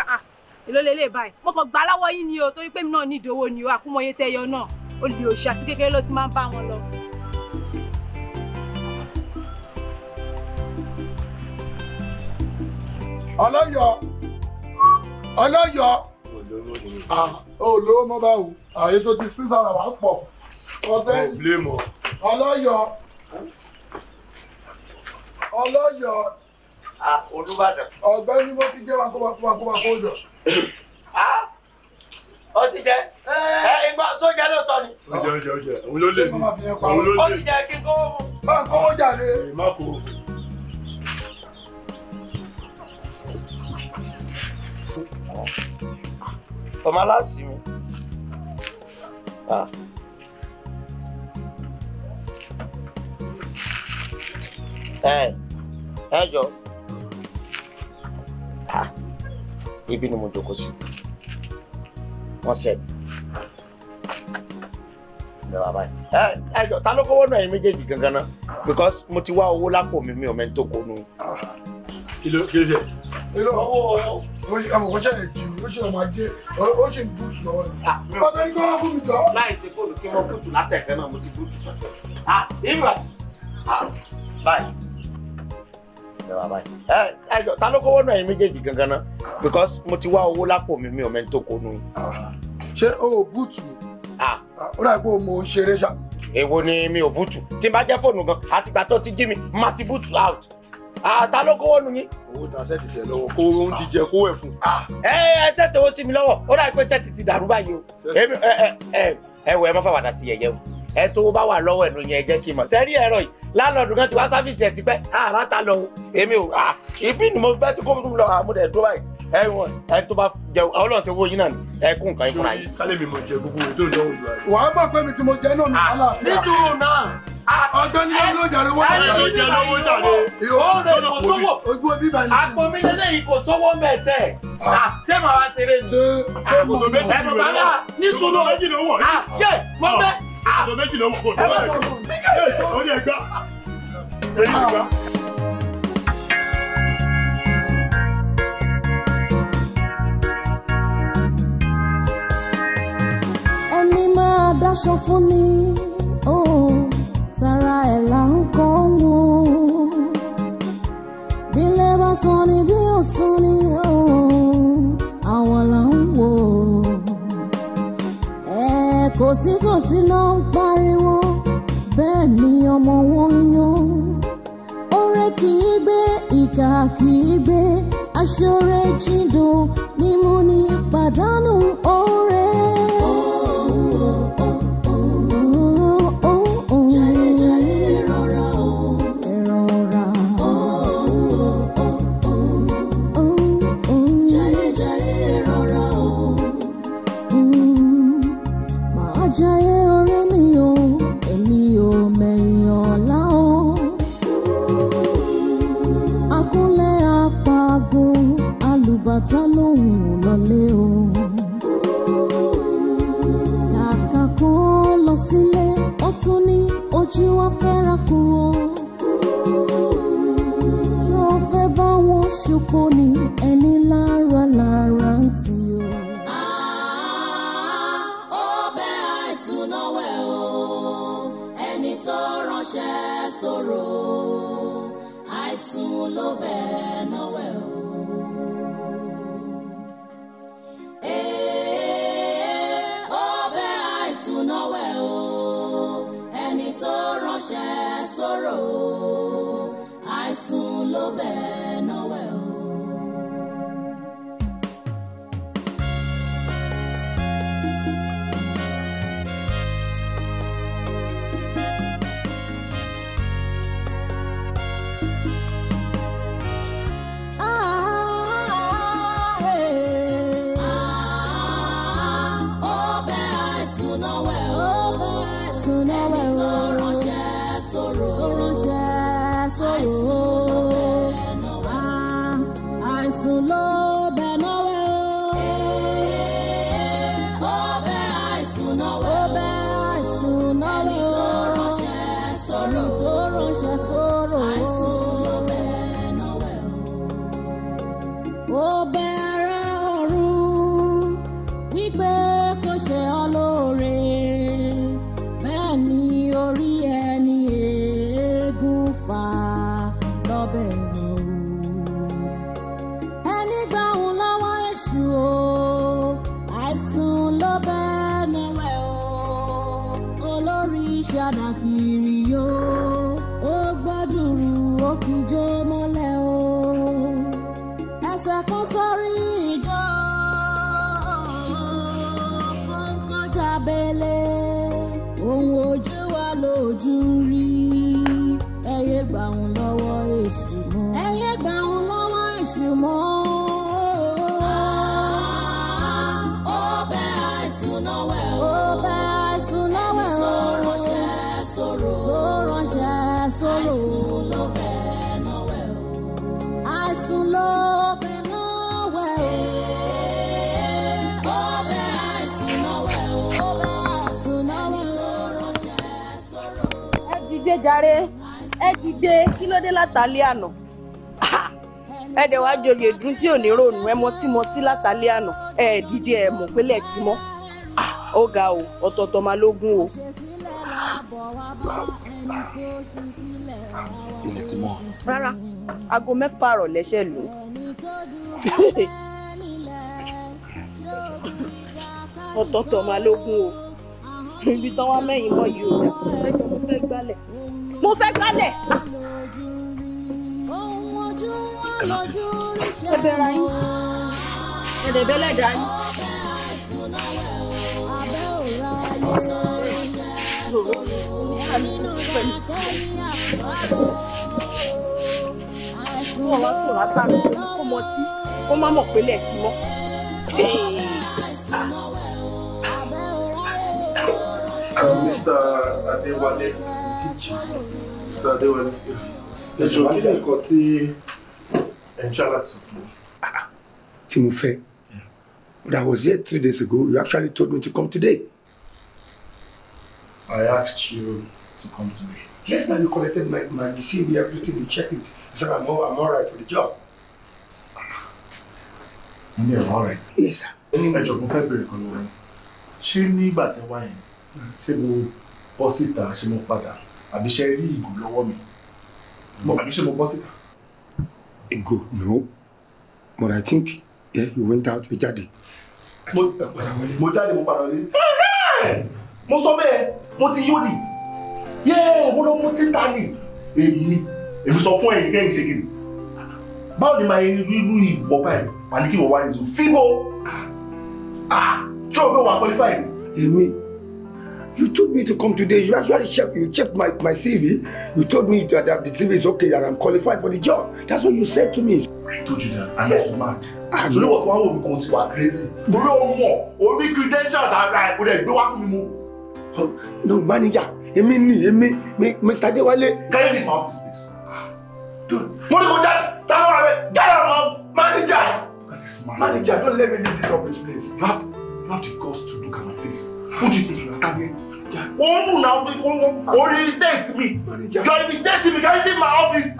ah, rẹ̀ èló lélẹ̀ báyìí mo kàn gbà lọ́wọ́ yín ni o torí pé mi náà ní ìdówó ni o àkúmọye tẹyọ náà olè òṣì àti kékeré ló ti máa ń bá wọn lọ. ọlọ́yọ̀ ọlọ́yọ̀ ah, olówó mọ́ báwo àyè tó ti sí sára wà pọ̀ ọ̀sẹ̀ ọlọ́yọ̀ ọlọ́yọ̀ mo ti jẹ́ wa kó wa kó wa kó wa kó jọ. Ah, ó ti jẹ ẹ eh. eh, ìgbà sójà ló tọ ni. ó jẹ ó jẹ ó jẹ òun ló lè ní òun ló lè ní. ó ti jẹ kí n kówó mu. má n kówó jàre. Eh, má kó o. ọmọ aláàsì mi. ẹ ah. ẹ jọ. Ah ibi ni mo jókòó sí wọ́n sẹ́ẹ̀dì ní bàbá yìí. ẹ ẹ jọ ta ló kọ́wọ́ náà yín méjèèjì gangan náà because mo ti wá owó lápò mi mi ò mẹ́ni tó kó nu. kí ló kí ló dé. èlò owó àmọ̀kọ́jà yẹn jù ó ṣe ọmọ ajé ó ṣe ń búùtù lọ́wọ́ ni. bàbá yìí kọ́ fún mi jọ. láì ṣe fóònù kí n mọ búùtù látẹ̀kẹ́ náà mo ti búùtù. ah ìmọ̀ báyìí mẹ́wàá báyìí ẹ ẹjọ ta ló kówó náà yín méjèèjì gangan náà because mo ti wá owó lápò mi mi ò mẹ́ni tó kónú yín. Ah, ṣé o ò búùtù ah. Ah, ó dà pé mo ń ṣeré ṣá. èwo ni mi ò búùtù tí n bá jẹ́ fóònù gan àtìgbà tó ti jí mi má ti búùtù out ta ló kówó nu yín. owó ta sẹ́ẹ̀tì sẹ́ lọ́wọ́ kó oun ti jẹ kó ẹ̀ fún. ẹ ẹ sẹ́ẹ̀tì owó sí mi lọ́wọ́ ó dà pé sẹ́ẹ̀tì ti dàrú báyìí o ẹ ẹ ẹ ẹ wọ ẹ má fà wàdà sí o ẹ tó bá wà lọ́wọ́ ẹ̀nu yẹn jẹ́ kí n mọ̀ sẹ́rí ẹ̀rọ yìí lálọ́ọ̀dù kan ti wá sáfíìsì ẹ̀ ti pẹ́ àrà ta lọ èmi ò à ìbí ni mo bẹ́ ti kó mi lọ àmúdẹ̀ tó báyìí ẹ wọn ẹ tó bá jẹun àwọn ọlọ́ọ̀sẹ̀ owó yín náà ẹ kún nǹkan yín fúnra kálí mi mo jẹ gbogbo ètò ìdánwò ìlú ayé. wàá gbọ́ pé mi ti mo jẹ náà ní àlàáfíà. nísùúrù náà. ọjọ́ ní ló jàre owó jàre. ẹni jẹ lówó jàre. ó rẹ̀ ojú omi bá yẹn. àpò mi lélẹ̀ yìí kò sówó mẹ́tẹ̀. ṣé màá wá ṣeré ni. ṣé ṣé mo lọ méjì ẹ̀ bàbá náà nísùúrù. mo lọ àbọ̀ méjì ló wọ̀ kó o ní ẹgbà èyí ẹni máa dáṣọ fún ni tara ẹ̀ là ń kọ́ ń wò bílẹ̀ bá sọ ni bí ó sọ ni kòsí kòsí ló ń pariwo bẹ́ẹ̀ ni ọmọ wọn yan oore kì í gbé ìkà kì í gbé aṣọre jíndùn ni mo ní pàdánù so long. jàre ẹ dìde kí ló dé látàlẹ́ àná ẹ dẹ̀ wá joyè dùn tí ò ní rònú ẹ mọtímọtí látàlẹ́ àná ẹ dìde ẹ mọ̀ pé lẹ́ẹ̀tì mọ́ ó ga o ọ̀tọ̀ọ̀tọ̀ máa lógún o. ilẹ̀ ti mọ́. rárá aago mẹ́fà rọ̀ lẹ́sẹ̀ lù (laughs) ọ̀tọ̀ọ̀tọ̀ máa lógún o ibi tán wá mẹ́yìn mọ́ yìí ò dà mo fẹ́ gbálẹ̀ mo fẹ́ gbálẹ̀. Ah. ẹbẹ̀ ra yín ẹ̀dẹ̀ bẹ́lẹ̀ dá yín. Wọ́n wá sùn látàrí ọmọ tí ó má mọ̀ pé lẹ̀ ti mọ́. Mr. Adewale, teacher. Mr. Adewale, ẹjọ kí ni nǹkan tí ẹ ń ṣá láti sọ fún mi. Ah, ah, tí mo fẹ́ but I was here three days ago you actually told me to come today. I asked you to come today. Yes, now you collected my, my receipt, everything, you checked it. You said I'm all, I'm all right for the job. You're all right. Yes, sir. Ẹjọ̀ mo fẹ́ bèrè kan lọ́wọ́. Ṣé nígbà tẹ wá yẹn? ṣé mo bọ́ síta ṣé mo padà àbí ṣe rí ìgò lọ́wọ́ mi àbí ṣé mo bọ́ síta. Ego. no but i think yeah, you went out ẹ jáde. mo jáde mo padà wọlé mo sọ bẹ́ẹ̀ mo ti yóò nì yéé mo lọ mú títà nì èmi èmi sọ fún ẹ̀yin kẹ́yìn ṣe kiri báwo ni màá rí irú ìwọ báyìí màá ní kí ìwọ wá rí zoom síbò ah ṣé o fẹ́ wà qualified. èmi. You told me to come today. You actually checked, you checked my, my CV. You told me that, that the CV is okay, that I'm qualified for the job. That's what you said to me. I told you that. I'm yes. not mad. I ah, you know what? One woman going to work crazy. But no more. Only credentials are right. But they don't want me more. Oh, no, manager. Èmi ni, me. Mr. Adewale. Can you leave my office, please? Dude. Money go chat. Get out of my office. Manager. Look at this man. Manager, don't let me leave this office, please. You have, you have the guts to look at my face. Who do you think you are? wọ́n mú náà orí irritate me you are irritating me can you leave my office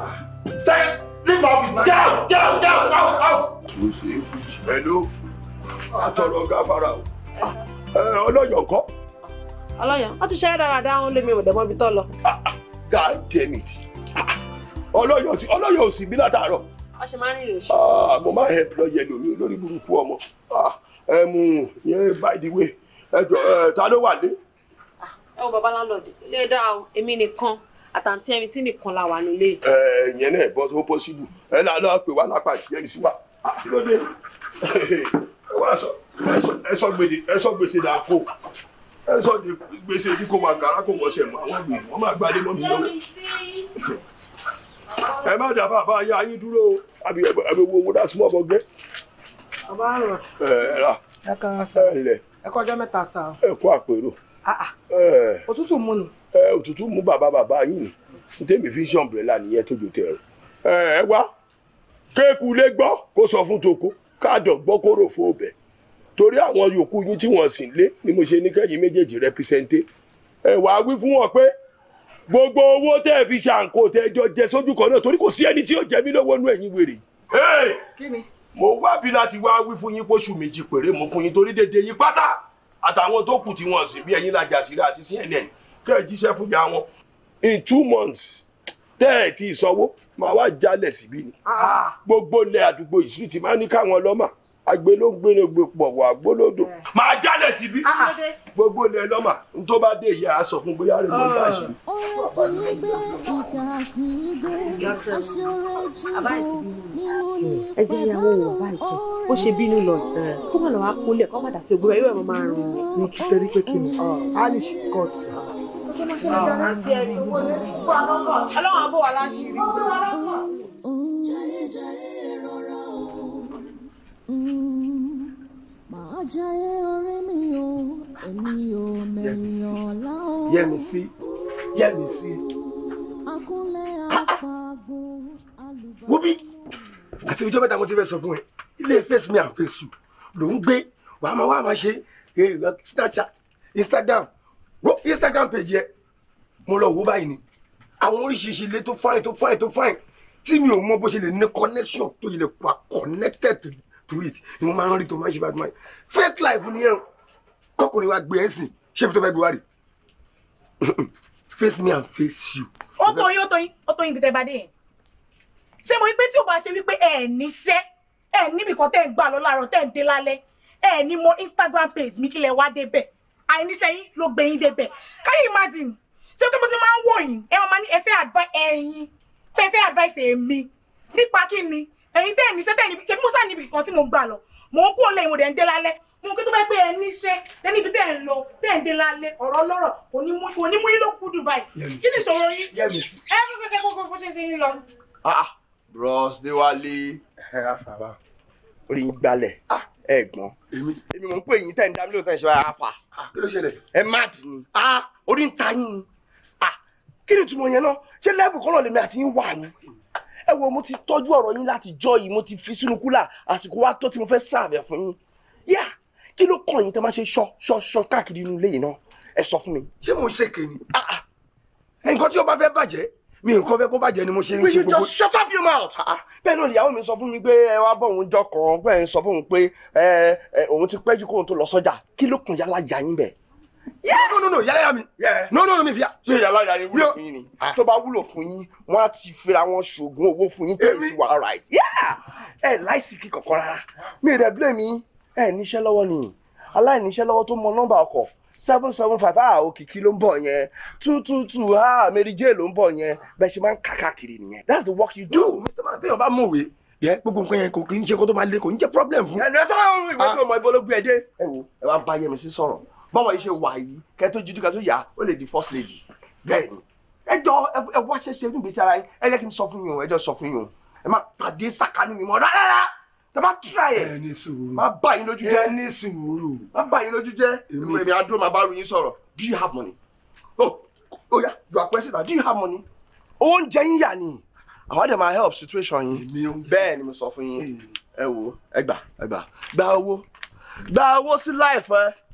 say leave my office get out get out get out out out. hello atọrọ gáfárà o ah, eh, ọlọyọ ńkọ́. ọlọyọ wọn ti ṣe dáradára ń lé mi ò dẹ̀ mọ́bi tó ah, ah, god damn it ọlọyọ ti ọlọyọ ò sì bí látàárọ̀. ọṣẹ máa ń rìn òṣì. mo máa help lọ́yẹ̀ lómi lórí burúkú ọmọ ẹ mú yẹn by the way ẹ jọ ẹ ta ló wà lé ẹ wo baba landlord ilé dá o èmi nìkan àtàntí ẹ̀mí sí nìkan la wà nílé. ẹ ìyẹn náà bọ́ tó pọ́sibù ẹ là lọ́ọ́ pè wá lápá àti ẹ̀mí sí wa ah, àkìlọ́dẹ ẹ wá sọ ẹ sọ gbèsè dà fún ẹ sọ gbèsè bí kò máa kàrà kò wọ́n ṣẹ̀ mọ́ àwọn gbèrè wọ́n máa gbadé mọ́ mi lọ́wọ́ ẹ má dà bàbá ayé ayé dúró o àbí ẹ bẹ wo owó dá súnmọ́ ọmọ gbé. ọba àrò ẹ ẹ ra ẹ kọjá mẹ́ta sá. ẹ kó àpérò. Ah, ah. òtútù mú ni. òtútù mú bàbá bàbá yìí ni n tèmi fi ń ṣe ọ̀mbrẹ́là nìyẹn tó jò tẹ̀rù. ẹ wá kéèkù lé gbọ́ kó sọ fún toko káàdọ̀ gbọ́ kó rò fún ọbẹ̀ torí àwọn yòókù yín tí wọ́n sì lé ni mo ṣe ní kẹ́yìn méjèèjì rẹpísẹ́ńté ẹ wá wí fún wọn pé gbogbo owó tẹ́ ẹ fi ṣàǹkó tẹ́ ẹ jọ jẹ sójú kan náà torí kò sí ẹni tí yóò jẹ mí lọ́wọ́ nú ẹ̀yin wèrè yìí mo wá bí láti wá wí fún yín pósù méjì péré mo fún yín torí dédé yín pátá àtàwọn tó kù tí wọ́n sì bí ẹ̀yin lajà síra àti CNN kẹ́ ẹ̀ jíṣẹ́ fún ya wọn in two months tẹ́ ẹ̀ ti sanwó màá wá jalè síbí ni ah. gbogbo ilẹ̀ àdúgbò ìsírìtì máa ní káwọn ọlọ́mà agbélógbélógbè pọ̀ wà gbólódò. máa jálẹ̀ síbí ah, ah. gbogbo ilẹ̀ lọ́mà n tó bá dé ìyá aṣọ fún bóyá rẹ̀ lọ́mà ṣe. ọ̀rọ̀ kì í gbé kíkà kì í gbé aṣọ́rẹ́ jìbò nínú ní pẹ̀tẹ́lú. ẹ ó ṣe bínú lọ kó má lọ wá kólẹ̀ kó má dàtí ògbó ẹ̀ yóò ẹ̀ máa rùn ní kítorí pé kí ni alice ah, court. ọlọ́run àbọ̀ wà láṣìírí màá jayé orí mi o èmi ò mẹ̀yìn ọ̀la o. Yẹ́misí Yẹ́misí. Akúnlẹ̀ àpagbo alùbáwọ̀. Wúbí àti ìjọba ìta mo ti fẹ́ sọ fún ẹ ilé face me and face you ló ń gbé wàá máa wá máa ṣe eh, Snapchat Instagram wo Instagram page yẹ mo lọ wo báyìí ni àwọn oríṣiríṣi ilé tó fine tó fine tó fine tí mi ò mọ bó ṣe lè ní connection tó yẹ lè wà connected to To eat. ni wọ́n máa ń rí tó máa ń ṣe bá tó máa ń fake life ni ẹ̀ kọkùnrin wa gbé ẹ̀ sìn ṣé ibi tó fẹ́ gbé wa rè face me and face you. ó tóyin ó tóyin ó tóyin ibi tẹ́ bá dé yẹn ṣé mo wípé tí o bá ṣe wípé ẹ níṣẹ́ ẹ níbi kan tẹ́ ń gbà lọ láàárọ̀ tẹ́ ń dé lálẹ́ ẹ ní mo Instagram page mi kí lẹ wá débẹ̀ àìníṣẹ́ yín ló gbé yín débẹ̀ can you imagine ṣé kí mo ti máa ń wò yín ẹ máa ní ẹ fẹ́ advice ẹ̀yin fẹ́ fẹ́ advice èmi nípa kí ni ẹ̀yin tẹ́ ẹ̀ níṣẹ́ tẹ́ ẹ̀ níbi ṣebí mo sá níbi kan tí mo gbà lọ mò ń kú ọ̀lẹ́ ìwọ̀n dẹ̀ ń dé lálẹ́ mo kí tó bá pé ẹ níṣẹ́ tẹ́ níbi tẹ́ ẹ̀ ń lọ tẹ́ ẹ̀ ń dé lálẹ́ ọ̀rọ̀ lọ́rọ̀ kò ní mú yín ló kú Dubai kí ni ìṣòro yín ẹ kẹ́kẹ́ kó kó ṣe ṣe yín lọ. Ah, ah, bros Déwálé orí gbalẹ̀ ah. ẹ̀gbọ́n èmi mò ń pè yín tẹ́ ń dá mi lóòótọ́ ìṣẹ́ àfà kí ló ṣẹlẹ̀ ẹ má dì ní orí ń ta yín ni kí ni ìtumọ̀ yẹn náà ṣé lẹ́bù kan náà lèmi àti yín wà ní ẹ wo mo ti tọ́jú ọ̀rọ̀ yín láti jọ́ yìí mo ti fi sínú kúlà àsìkò wa tó tí mo fẹ́ sàbẹ̀ fún yín yá kí ló kàn yín tẹ́ máa ṣe ṣọ́ ṣọ́ ṣọ́ káàkiri inú ilé yìí náà ẹ sọ fún mi. ṣé mo ń ṣe kéènì. Ah, ah. nǹkan tí o bá fẹ́ bàjẹ́ mi nǹkan fẹ́ kó bàjẹ́ ni mo ṣe ń ṣe gbogbo. will you just shut up your mouth. Ah, bẹ́ẹ̀ náà ìyàwó mi sọ fún mi pé ẹ wá bọ̀ òun jọ kàn án bẹ́ẹ̀ sọ fún òun pé òun ti pẹ́jú kóun tó lọ sọ́jà kí ló kàn yálà yà yín bẹ́ẹ̀ yeah. no no no yàrá yà mi yeah. no no no mi fi yà. ṣe yàrá yà yẹ wúlò fún yín ni ah. tó bá wúlò fún yín wọn á ti fira wọn ṣoògùn owó fún yín tẹ̀lé ti wà alright ẹ láìsíkì kankan rárá mi rẹ̀ bílẹ̀ mi ẹ níṣẹ́ lọ́wọ́ ni aláìníṣẹ́ lọ́wọ́ tó mọ nọ́mbà ọkọ̀ seven seven five ah òkìkí ló ń bọ̀ yẹn two two two ah Mary Jane ló ń bọ̀ yẹn bẹ́ẹ̀ ṣe máa ń kàkàkiri nìyẹn that's the work you do. mr man téèyàn bá mú òwe yẹ gbogbo nǹkan yẹn kò kì í ṣe kó tó máa lé kò ní jẹ́ problem fún. ẹ sọ ìwé ah. tó mọ ibo ló gbé ẹ dé. ẹ wo ẹ wá bá yẹmi sí báwọn yìí ṣe wà yìí kẹ́ tó jíjú kẹ́ tó yà ó lè di first lady bẹ́ẹ̀ ni ẹ jọ ẹ wá ṣẹṣẹ nígbèsí ara yín ẹ jẹ́ kí n sọ fún yín o ẹ jọ sọ fún yín o ẹ má tàdé sàkánì mi mọ́ rárá tọ́ba tura yẹ. ẹ ní sùúrù má bá yín lójú jẹ́. ẹ ní sùúrù má bá yín lójú jẹ́. èmi èmi adúró máa bá ru yín sọ̀rọ̀ do you have money. o oh, o oh ya you are president do you have money. oúnjẹ yín yà ni àwọn àdè máa help situation yín. bẹ́ẹ̀ ni mo sọ fún yín ẹ wo ẹ gbà ẹ gbà gba owó gba owó sí life ẹ. Eh?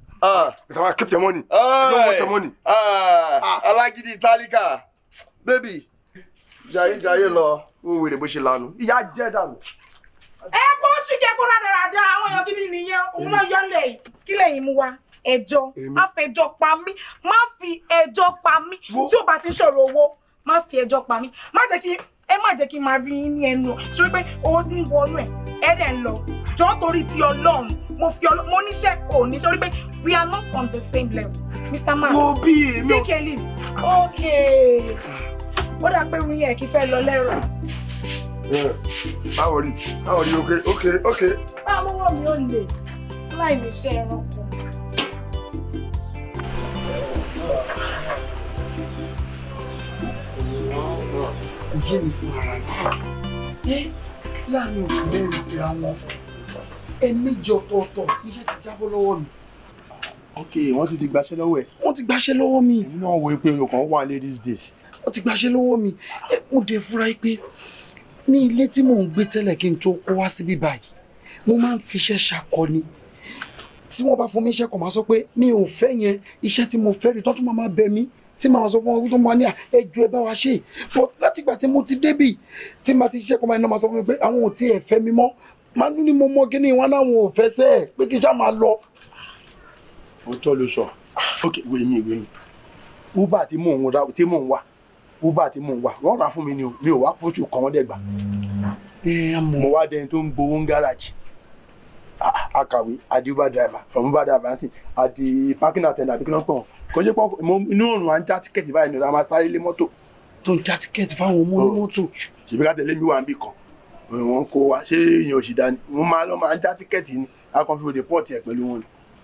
because ah. I keep the money. Uh, ah. I don't want your money. Uh, ah. I like it, Italika. Baby. jai jayé lọ, wọ́n wèrè bó ṣe lanu. Ìyá jẹ́ dànù. Ẹ kó sì jẹ́ kó rádaràda àwọn èèyàn gidi nìyẹn, òun náà yọ lẹ̀ yìí. Kí lẹ̀yin mú wa? Ẹjọ́, Ma fi ẹjọ́ pa mí, má fi ẹjọ́ pa mí. Tí o bá ti ń sọ̀rọ̀ ma má fi ẹjọ́ pa mí. Má jẹ́ kí ẹ má jẹ́ kí n máa rí ní ẹnu ọ̀, ṣé pé owó ti ń wọnú ẹ̀, ẹ̀rẹ̀ ń ti Ọlọ́run mo fi ọlọ mo níṣẹ́ o níṣẹ́ orí pé we are not on the same level mr man. wo bí èmi. bí leave. Okay. ó dà pé orin yẹn kì í fẹ́ lọ lẹ́rọ. báwo rí báwo rí ok ok ok. báwo wọ̀ mí ò lè láì níṣẹ́ ẹranko. ìjì mi fún ara rẹ̀ láàrin oṣù mẹ́rin síra wọn ẹ̀ẹ̀mejì ọ̀tọ̀ọ̀tọ̀ iṣẹ́ ti jábọ́ lọ́wọ́ mi. ok wọ́n ti ti gbaṣẹ́ lọ́wọ́ ẹ̀. wọ́n ti gbaṣẹ́ lọ́wọ́ mi. èmi náà wo pé oyè kan wà lé these days. wọ́n ti gbaṣẹ́ lọ́wọ́ mi mo dẹ̀ fura pé ní ilé tí mò ń gbé tẹ́lẹ̀ kí n tó kó wá síbí báyìí mo máa ń fiṣẹ́ ṣakọni tí wọ́n bá fún mi iṣẹ́ kan máa sọ pé mi ò fẹ́ yẹn iṣẹ́ tí mo fẹ́ rí tọ́jú máa bẹ mí tí màá sọ fún wọn tó máa ní ẹjọ́ ẹ bá wa ṣe but látìgbà tí mo ti débì tí màá ti ṣiṣẹ́ kan máa ní máa sọ fún mi pé àwọn ò tí ẹ fẹ́ mi mọ́ manu ni mo mọ kíní wọn náà wọn ò fẹsẹ̀ pé kí n ṣáà máa lọ. òótọ́ ló sọ ok wo èmi ìwé mi uber tí mò ń ra tí mò ń wà uber tí mò ń wà wọ́n rà fún mi ni o mi ò wá fóṣù kan wọ́n dẹ̀ gbà. mo wá dẹni tó ń gbowó ń gáràjì akàwé adi uber driver from uber driver sí adi parking attendant àbí kí ló ń pọ̀ kò jẹ́ pọ̀ inú òrùn à ń já tíkẹ́ẹ̀tì báyìí ni ọ̀dà máa sáré lé mọ́tò. tó ń já tíkẹ́ẹ̀tì fáwọn ọmọ onímọ́tò. Oh. ṣèbí ká tẹ̀lé mi wà níbì kan wọn kó wa ṣé èèyàn òsì dání wọn máa lọ máa ń já tíkẹ́ẹ̀tì ni a kàn fi òde pọ́ọ̀tì ẹ̀ pẹ̀lú wọn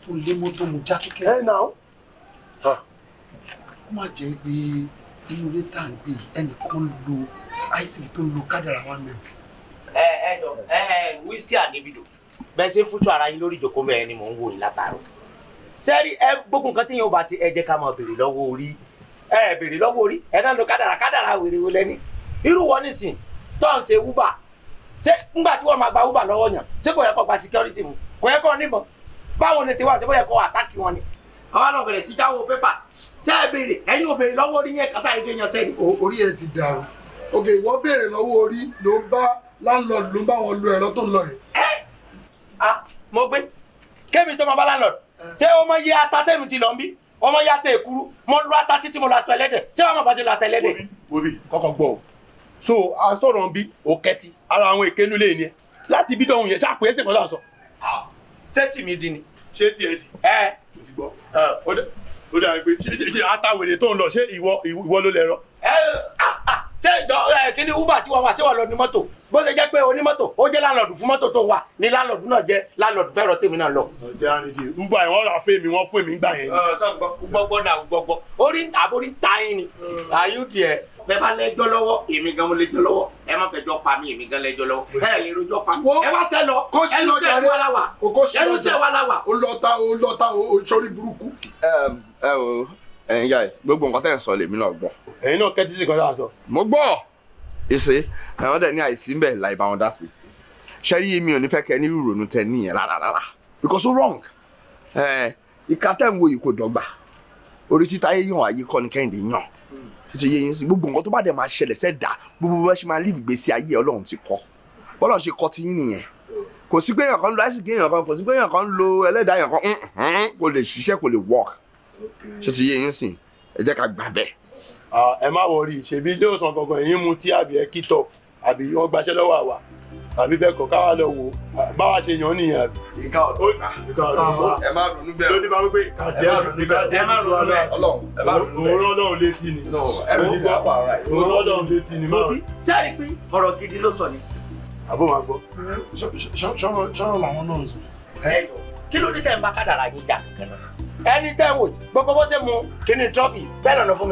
o lé mọ́tò mo já tíkẹ́ẹ̀tì. ẹ nà ó. ó máa jẹ́ pé inú ilé tá à ń gbé ẹnìkan lo àìsàn tó ń lo kádàrà wa mẹ́rin. ẹ ẹ jọ ẹ ẹ wíṣkì àdébìdò bẹ́ẹ̀ ṣe ń fúnṣọ ara yín lórí ìjókòó mẹ́rin ni mò ń wò yín látàárọ̀ sẹ́rí ẹ gbogbo nǹkan tí yẹn ò bá ti ẹ jẹ́ ká máa béèrè lọ́wọ́ orí ẹ béèrè lọ́wọ́ orí ẹ náà lo kádàrà kádàrà wèrèwò lẹ́ni irú wọn nísìn tó ń ṣe wúbà ṣé ńgbà tí wọ́n máa gba uber lọwọ yàn ṣé kò yẹ kó gba security mu kò yẹ kó níbọn báwo ni ṣe wá ṣe kò yẹ kó wọn ni. àwọn àlọ́ bẹ̀rẹ̀ sí dáwọ́ pépà tẹ́ ẹ béèrè ẹ̀yin ò béèrè lọ́wọ́ orí yẹn kásá ìdè yẹn orí ti ok béèrè orí ló ń bá landlord ló ń bá wọn lo ẹ a mo gbé kémi tó máa bá landlord ṣé o mọ iye ata tẹ́mi ti lọ ń mọ̀ bá ṣe ara àwọn èkénú lè ní ẹ láti bí dọ̀hún yẹn ṣàpè é sì mọ́tà sọ. Ah, ṣé tì mí di ni. ṣé tì ẹ di. ẹ o ti gbọ́ o ah, dà pé ṣe atawèrè tó ń lọ ṣé ìwọ ìwọ ló lẹ rọ. ẹ ah, ṣé ìjọ kíní uber tí wọn wà sí wà lọ ní mọ́tò bó ṣe jẹ́ pé onímọ́tò ó jẹ́ láńlọ́ọ̀dù fún mọ́tò tó wà ní láńlọ́ọ̀dù náà jẹ́ láńlọ́ọ̀dù fẹ́ràn tèmi náà lọ. ọ̀dẹ́ àrídì uber yẹn wọ́n fún mi wọ́n fún mi gbà yẹn. gbọ́gbọ́ náà gbọ́gbọ́ orí àbórí ta yín ni àyùdí hmm bẹ́ẹ̀ bá lẹ́jọ́ lọ́wọ́ èmi gan mo lẹ́jọ́ lọ́wọ́ ẹ má fẹjọ́ pa mí èmi gan lẹ́jọ́ lọ́wọ́ ẹ lè rojọ́ pa mí ẹ wá sẹ́ lọ ẹnu tẹ̀ wá la wà ẹnu tẹ̀ wá la wà. o lọta o lọta o sori burúkú. Um, ẹ o ẹyin guys gbogbo nǹkan tẹ̀ ń sọ lèmi náà gbọ́. ẹyin náà kẹ́tí sí kan a sọ. mo gbọ́ ìṣe ẹ̀wọ̀n dẹ̀ ní àìsí mbẹ̀ láì bá wọn dá sí ṣẹ́rí mi ò ní fẹ́ kẹ́ ní ìrònú tẹ níyẹn rárá rárá because ó wrong ìka tẹ̀ ń wo yìí kò ṣe yé yín sí gbogbo nǹkan tó bá dẹ̀ máa ṣẹlẹ̀ sẹ́dá gbogbo bá ṣe máa live gbèsè ayé ọlọ́run ti kọ́ bọ́lọ́run ṣe kọ́ ti yín nìyẹn kò sí pé èèyàn kan ń lo àìsàn kéèyàn kan kò sí pé èèyàn kan ń lo ẹlẹ́dàá èèyàn kan kò lè ṣiṣẹ́ kò lè work ṣe yé yín sí ẹ jẹ́ ká gbà bẹ́ẹ̀. Ah, ẹ má wọrí ṣèbí ilé ìwòsàn gbọ̀ngàn yín mu tí àbí ẹ kí tọ àbí wọ́n gbaṣẹ́ lọ́wọ́ àwa àbí bẹ́ẹ̀ kọ́ káwá lọ wò báwa ṣe yàn nìyẹn. ìka ọ̀dọ́ ìka ọ̀dọ́ ẹ má ronú bẹ́ẹ̀. lóní bá wí pé kàtí ẹ ronú bẹ́ẹ̀. ẹ má ronú bẹ́ẹ̀ ọlọ́run ẹ má ronú bẹ́ẹ̀. òun ọlọ́run létí ni. òun ọlọ́run létí ni. lóbi sáré pé ọ̀rọ̀ gidi ló sọ ni. àbó máa gbọ́. sọ̀rọ̀ làwọn náà ń sọ. kí ló dé tẹ́ ń bá kádàrá yín jà kankan náà ẹni tẹ́ wò gbogbo bó ṣe mu kí ni trọ́fì bẹ́ẹ̀ lọ́nà fún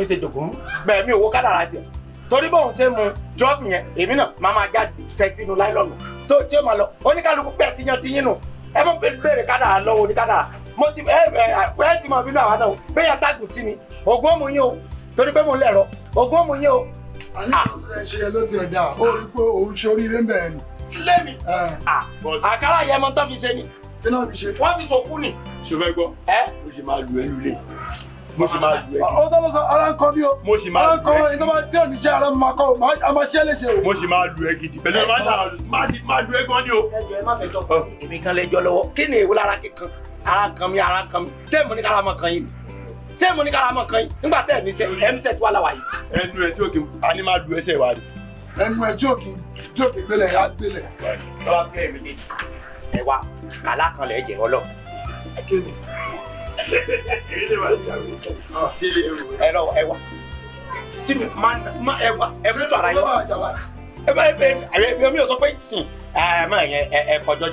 torí bóun ṣe mu drop yẹn èmi náà máa máa já sẹ sínú láìlọ́nù tó tí ó máa lọ oníkálukú pẹ́ tiyan tiyín nù ẹ mọ bèrè kádàrà lọ́wọ́ oníkádàrà mo ti ẹ ẹ ti mọ bínú àwa náà bẹ́ẹ̀ yẹn ságùn sí mi ògùn òmù yín o torí pé mo lẹ̀rọ ògùn òmù yín o. àyè ìrẹsì ṣe yẹn ló ti ẹ̀ dá o rí pé òun ṣe oríire ń bẹ̀ẹ́ nù. sílẹ̀ mi àkàrà yẹn mọ́ tán fi ṣe ni. kí náà fi ṣe. wọ́n fi sòkú mo sì máa lu ẹ̀jẹ̀. ó lọ sọ ara ń kọ́ mi o. mo sì máa lu ẹ̀jẹ̀. ara ń kọ́ ẹ̀ tó bá tí ò ní jẹ́ ara máa kọ́ o máa ṣẹ́ léṣe o. mo sì máa lu ẹ gidi pẹ̀lú ẹ̀ máa lu ẹ gan ni o. ẹ má fẹ́ tọ́ èmi kan lẹ́jọ́ lọ́wọ́ kí ni ìwúlò ara kíkan ara kan mi ara kan mi ṣé mo ní kára mọ̀ kan yìí ṣé mo ní kára mọ̀ kan yìí nígbà tẹ́ ẹ̀ ní sẹ́ ẹ̀ tí wà láwa yìí. ẹnu ẹ tí òkè a ní máa lu ẹsẹ̀ wa rè. ẹnu ẹ tí òkè tí òkè gbélé ẹ ẹ̀rọ ẹ̀wà tí mi ò sọ pé sìn ẹ yẹn ẹ kọjọ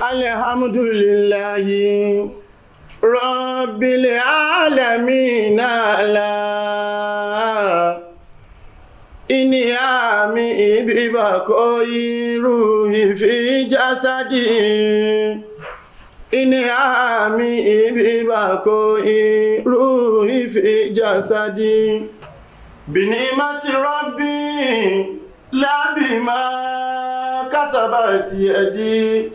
alhamdulilayi. Rabbil alamin ala Ini ami ibiba koiru fi jasadi Ini ami ibiba koiru fi jasadi Binimati Rabbi labima kasabati yadi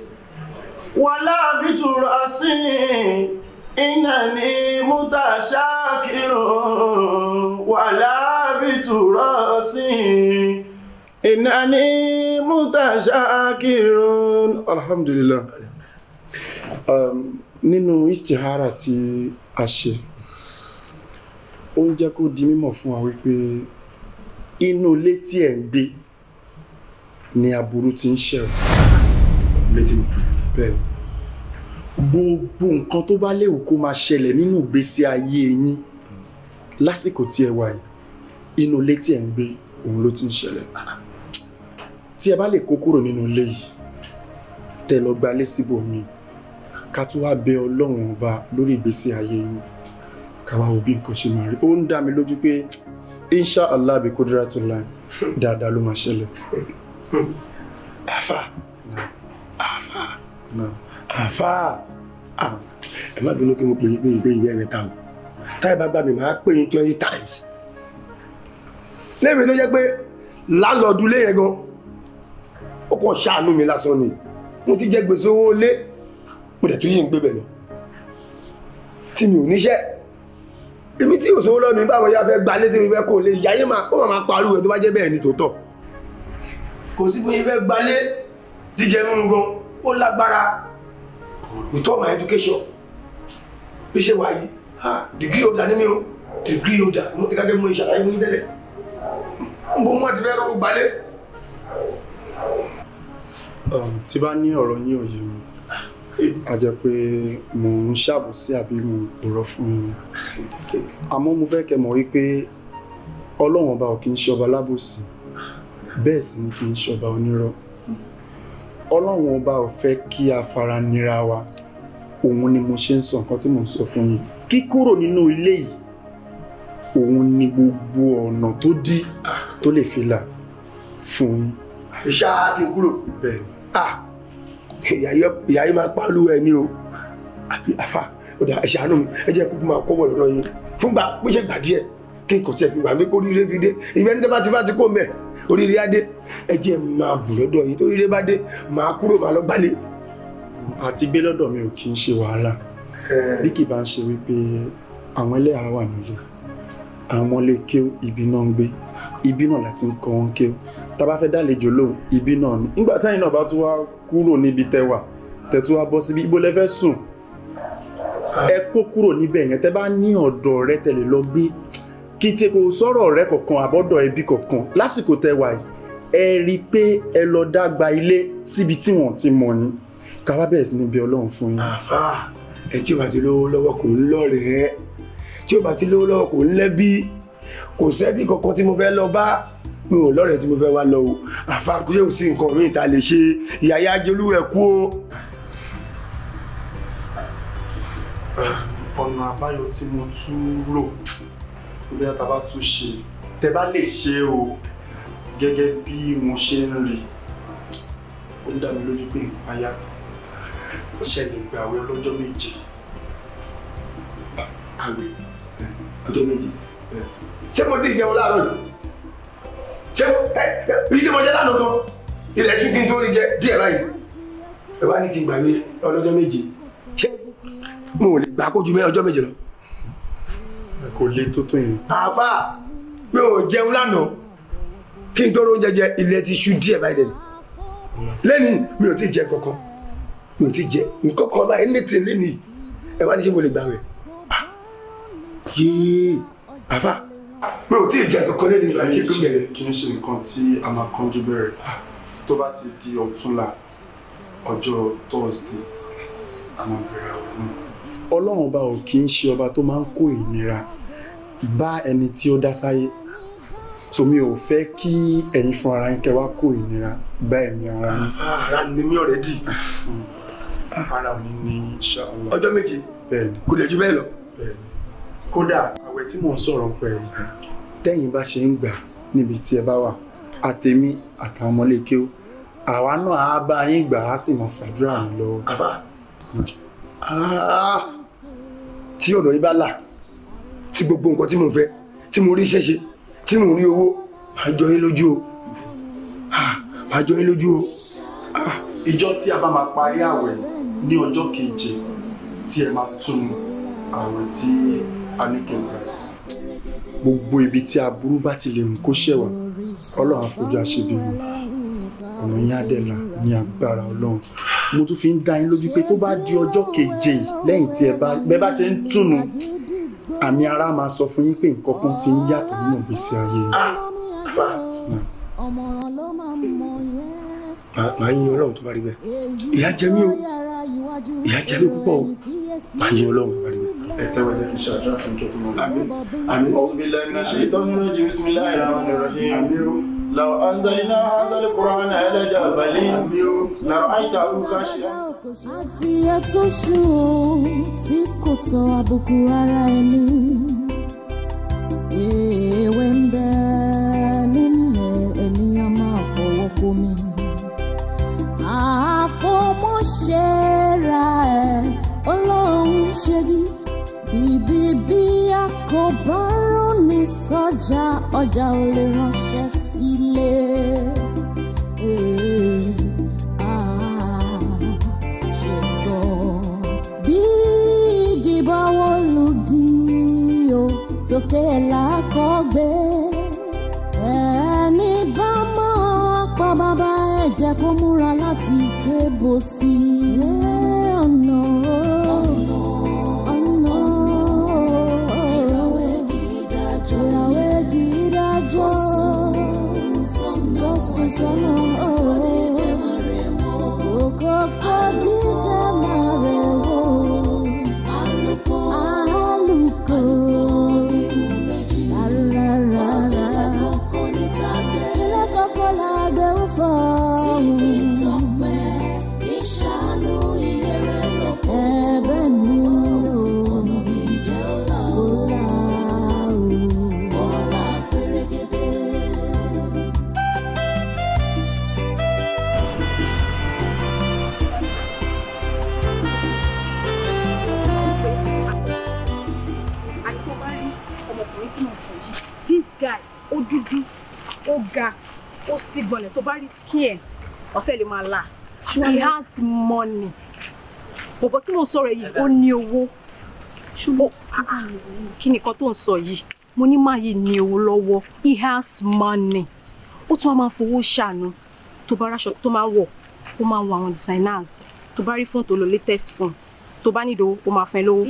wala biturasi إنني متشاكر ولا بتراثي إنني متشاكر الحمد لله um, nínú istihara tí a ṣe ó ń jẹ́ kó di mímọ̀ fún wa wípé inú ilé ẹ̀ ń gbé ni aburú ti ń ṣẹ̀rù létí mi bẹ́ẹ̀ gbogbo nǹkan tó bá léwu kó máa ṣẹlẹ̀ nínú ìgbésí ayé yín lásìkò tí ẹ wà yìí inú ilé tí ẹ ń gbé òun ló ti ń ṣẹlẹ̀ tí ẹ bá lè kó kúrò nínú ilé yìí tẹ lọ gbalé síbòmíì ká tún wá bẹ ọlọ́run ọba lórí ìgbésí ayé yín káwa òbí nǹkan ṣe máa rí ó ń dá mi lójú pé insha allah bí kódìrá tó la dáadáa ló máa ṣẹlẹ̀. àfà àfà àfáà ẹ má bínú kí mo pè yín pé yín pé yín bí ẹ̀mẹ́ta o táyà bá gbà mí máa pè yín twenty times lẹ́yìn tó jẹ́ pé lálọ́ọ̀dù lé yẹn gan ó kàn ṣàánú mi lásán ni mo ti jẹ gbèsè owó lé mo dẹ̀ tún yìí ń gbé bẹ̀ lọ tí mi ò níṣẹ́ èmi tí òṣòwò lọ́nu báwọn ya fẹ́ gba lé tí mi fẹ́ kó lé ìyáyé máa ó máa pariwo ẹ̀ tó bá jẹ́ bẹ́ẹ̀ ni tòótọ́ kò sí pé yín fẹ́ gbalé jíjẹ mímu gan ó lágbára with all my education bí ṣe wáyé ha degree holder ni mí o degree holder mo ti ká gẹ́gẹ́ mo ìṣàlàyé mo ń tẹ́lẹ̀ n bò mọ́ ti fẹ́ rọ́gbọ́ gbalẹ̀. Um, tí bá ní ọ̀rọ̀ yín òye mi a jẹ́ pé mò ń ṣàbòsí àbí mò ń pòrọ̀ fún yín àmọ́ mo fẹ́ kẹ́ mọ̀ wípé ọlọ́run ọba ò kì í ṣe ọba lábòsí bẹ́ẹ̀ sì ni kì í ṣe ọba onírọ́ ọlọ́run ọba ò fẹ́ kí a fara nira wa òun ni mo ṣe ń sọ nǹkan tí mo ń sọ fún yín kíkúrò nínú ilé yìí òun ni gbogbo ọ̀nà tó dí tó lè fi là fún yín. àfi ṣáá kí n kúrò. bẹ́ẹ̀ ìyá yìí máa pa olúwa ẹni o àfa ọ̀dà ìṣàánú mi ẹ jẹ́ kúkú máa kọ́bọ̀ lọ́dọ̀ yín fúngbà bó ṣe gbà díẹ̀ kí n kò tiẹ̀ fi wà mí kó rí révidé ìgbẹ́ni tó bá ti bá ti kó mẹ́ẹ̀ oríire adé ẹ jẹ́ máa bù lọ́dọ̀ yìí torí ire bá dé máa kúrò máa lọ gbálẹ̀. àti gbé lọ́dọ̀ mi ò kì í ṣe wàhálà bí kì bá ń ṣe wípé àwọn ẹlẹ́yà wà nílé àwọn lè kéw ibi náà ń gbé ibi náà láti ń kọ́ wọn kéw tá a bá fẹ́ dálejò lóhùn ibi náà ni nígbà táyìn náà bá tún wá kúrò níbi tẹwà tẹ̀tún wá bọ́ síbi ibo lẹ́fẹ́ sùn ah. ẹ kó kúrò níbẹ̀ yẹn tẹ́ bá ní ọ̀dọ̀ rẹ tẹ̀lé lọ gbé kí tí kò sọ̀rọ̀ ọ̀rẹ́ kankan àbọ̀dọ̀ ẹbí kankan lásìkò tẹwà yìí ẹ rí i pé ẹ lọ dágba ilé síbi tí wọ́n ti mọ̀ yín ká wá bẹ̀rẹ̀ sí ní bí ọlọ́run fún yín. àfà ẹ tí o bá ti lówó lọ́wọ́ kò ń lọ́rẹ̀ẹ́ tí o bá ti lówó lọ́wọ́ kò ń lẹ́bí kò sẹ́bí kankan tí mo fẹ́ lọ bá mi ò lọ́rẹ̀ẹ́ tí mo fẹ́ wá lọ o àfà ṣé o sí nǹkan mi ta lè ṣe ìyáyá jolúwẹ̀ kú o. ọ̀nà àbáyọ tí mo tún rò bí a bá tún ṣe tẹ bá lè ṣe o gẹ́gẹ́ bí mo ṣe ń rí ó dá mi lójú pé nǹkan yàtọ̀ ṣẹlẹ̀ ìgbà àwẹ̀ ọlọ́jọ́ méje àwẹ̀ ọjọ́ méje ṣé mo ti jẹun láàárọ̀ yìí ṣé ilé mo jẹ lánàá gan ilẹ̀ sùn kí n tó rí jẹ díẹ̀ báyìí ẹ wá ní kí n gbàgbé ọlọ́jọ́ méje ṣé mo lè gbà kójú mẹ́ ọjọ́ méje lọ kò le tó tó yẹn. àáfà mi ò jẹun lánàá kí n tó ró jẹjẹ ilẹ̀ ti ṣú díẹ̀ báyìí dẹ̀nu lẹ́ni mi ò ti jẹ kankan mi ò ti jẹ nǹkan kan báyìí ní tèmi lẹ́ni ẹ wá ní ṣé mo lè gbà wẹ̀ ah, yéé àáfà mi ò tí ì jẹ kankan lẹ́ni ìgbà kí n gbẹ̀rẹ̀. kì í ṣe nǹkan tí a máa kánjú bẹ̀rẹ̀ ah, tó bá ti di ọ̀túnla ọjọ́ thursday a máa bẹ̀rẹ̀ ọ̀rọ̀ ọlọ́run ọba ò kì í ṣe ọba tó máa ń kó ìnira bá ẹni tí ó dá sáyé so mi ò fẹ́ kí ẹ̀yin fún ara yín kẹwàá kó ìnira bá ẹ̀mí ara yín. Ah, ara ni mi already hmm. ara mi ni inshallah ọjọ́ méje bẹ́ẹ̀ni kò lè ju bẹ́ẹ̀ lọ bẹ́ẹ̀ni kódà àwẹ̀ tí mò ń sọ̀rọ̀ pẹ̀ yìí tẹ́yìn bá ṣe ń gbà níbi tí ẹ bá wà àtẹ̀mí àtàwọn ọmọléke ó àwa náà á bá yín gbà á sì mọ fàdúrà mi lọ́wọ́. àbá hmm. ah. tí ọ̀dọ̀ yìí bá là tí gbogbo nǹkan tí mo fẹ́ tí mo rí iṣẹ́ ṣe tí mo rí owó máa jọ yín lójú o ah, máa jọ yín lójú o. Ah, ìjọ tí a bá máa parí àwẹ̀ ní ọjọ́ keje tí ẹ máa tún àwẹ̀ tí a ní kẹ̀kẹ́. gbogbo ibi tí aburú bá ti lè ń kó ṣẹ̀wá ọlọ́run àfojú àṣebi ọ̀nà yín àdẹ́là ní agbára ọlọ́run mo tún fi ń dá yín lójú pé tó bá di ọjọ́ keje lẹ́yìn tí ẹ bá ṣe ń túnu àmì ara máa sọ fún yín pé nǹkan kan ti ń yàtọ̀ nínú ìgbésí ayé yín. Ah, ah. màá yin ọlọ́run tó bá rí bẹ́ẹ̀ ìyà jẹ mí o ìyà jẹ mí púpọ̀ o màá yin ọlọ́run tó bá rí bẹ́ẹ̀. ẹ tẹ́wọ́ jẹ́ kí ṣàdúrà fún kí ọkùnrin náà. àmín àmín. ọ̀gbìn lẹ́yìn náà ṣe ìtọ́jú náà jẹ́ bismillahir rahmanir rahim. àmín o. لو أنزلنا هذا القرآن على جبل لرأيته خاشعا adìyẹ tó ṣú o tí kò tọ àbùkù ara ẹni èèwé ń bẹ nílẹ̀ ènìyàn máa fọwọ́ pomi àfọmọ́ṣe ra ẹ̀ ọlọ́run ṣẹ́gi bíbí bí akọ̀bárò ní sọ́jà ọjà ò lè ránṣẹ́ sí. òkè làkọ́gbé ẹni bá mọ̀ pa bàbá ẹ̀ jẹ́ kó múra láti kébò sí i ọ̀nà ọ̀nà ìràwé gídájọ́ ìràwé gídájọ́ lọ́sọ̀sọ̀ náà. sí gbọ̀nlẹ̀ tó bá rí skin ẹ̀ ọ̀fẹ́ lè máa là he has money bọ̀bọ̀ tí mo sọ̀rọ̀ yìí ó ní owó ah, ah, kí nìkan tó ń sọ yìí mo ní máa yìí ní owó lọ́wọ́ he has money ó tún máa fowó ṣàánú tó bá ráṣọ tó máa wọ̀ ó máa wọ àwọn designers tó bá rí fóònù tó lò latest phone tó bá nílò ó máa fẹ́ lówó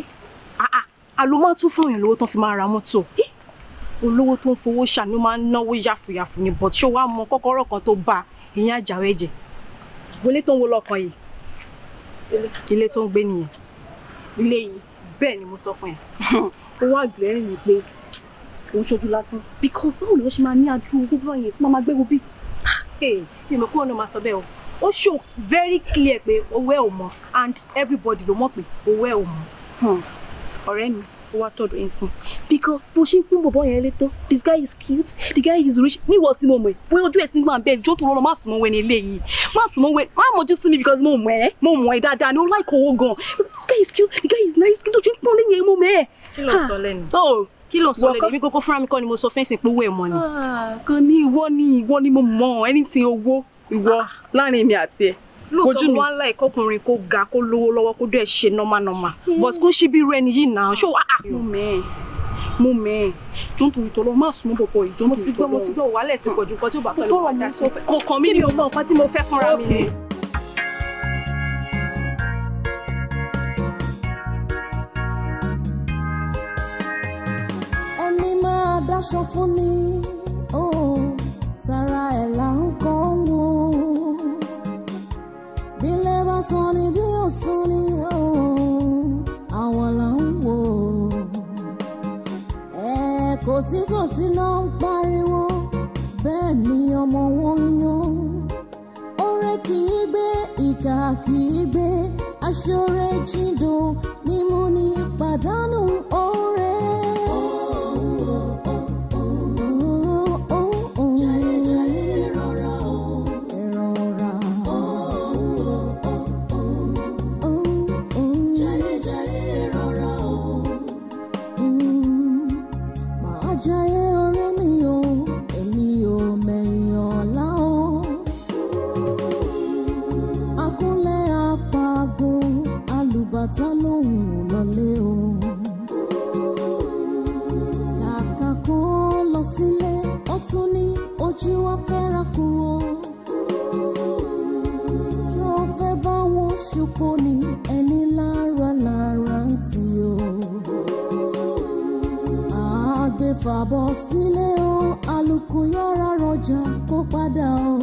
àlọ́ eh? ah, máa tún fún òyìn lówó tán fi máa ra mọ́tò eh? olówó tó ń fowó ṣàánú máa ń náwó yàfùyàfù ni but ṣó wàá mọ kọ́kọ́rọ́ kan tó bá ìyẹn àjàwé ẹ̀jẹ̀ wọlé tó ń wo lọ́kàn yìí ilé tó ń gbé nìyẹn ilé yìí bẹ́ẹ̀ ni mo sọ fún ẹ (laughs) ó wá gbẹ́rìn mi pé òun ṣojú lásán because báwo ló ṣe máa ní adú owó báyẹn kó máa gbéwu bí (laughs) mi ò mọ̀ kó ọ̀nà máa sọ bẹ́ẹ̀ o ó show very clear pé owó ẹ̀ ò mọ̀ and everybody ló mọ̀ pé owó ẹ̀ ò mọ̀ hmm. ọ̀rẹ́ mi ó wá tọ̀dọ̀ ẹ̀ because bó ṣe ń kún bọ̀bọ̀ yẹn létó this guy is cute the guy is rich níwọ̀ tí mo mọ̀ ẹ́ bóyá ojú ẹ̀ ti ń gbà bẹ́ẹ̀ jó tó rọrùn má sùn mọ́ wẹ́ni eléyìí má sùn mọ́ wẹ́ni má mọ̀jú sí mi because mo mọ̀ ẹ́ mo mọ̀ ẹ́ dáadáa ni ó láì gan this guy is cute the guy is nice kí ló ṣe ń pọ́n lẹ́yìn mo mọ̀ ẹ́. kí ló sọ ah. lẹ́nu. oh kí ló sọ lẹ́nu èmi kókó fúnra mi kọ́ ni mo sọ fẹ́ǹsì pé owó ẹ̀ mọ́ ni. Ah, kan ní ìwọ ni ìwọ ni mo mọ lóòótọ́ mo wá láì kọkùnrin kó ga kó lówó lọ́wọ́ kó dẹ̀ ṣe normal normal hmm. but kó ṣe bí irú ẹni yìí náà ṣó wàá. mo mẹ́ẹ̀ mo mẹ́ẹ̀ jọ ń torí tọ́lọ́ máa sún bọ̀bọ̀ yìí jọ ń torí tọ́lọ́ mo ti gbọ́ mo ti gbọ́ wàhálẹ̀ ti pọ̀ ju nǹkan tí ó bá pẹ̀lú ọjà sí kò kàn mí ni mo mọ nǹkan tí mo fẹ́ fúnra mi ni. ẹni máa dáṣọ fún ni ó oh, tara ẹ̀ là ń kọ́ ń wọ́n lọ́sàn ni bí ọ̀sán ni o àwọn là ń wò ẹ kò sí kò sí ló ń pariwo bẹ́ẹ̀ ni ọmọ wọn yan oore kì í gbé ìkà kì í gbé aṣọ rẹ̀ jìndó ni mo ní pàdánù oore. bàtà lòun ò lọlé o. kàkà kó lọ sílé ó tún ní ojú wa fẹ́ra kú o. tó fẹ́ bá wọn ṣùpọ̀ ní ẹni lára lára ń tì o. àgbẹ̀fàbọ̀ sílé o alùkò yára rọjà kó padà o.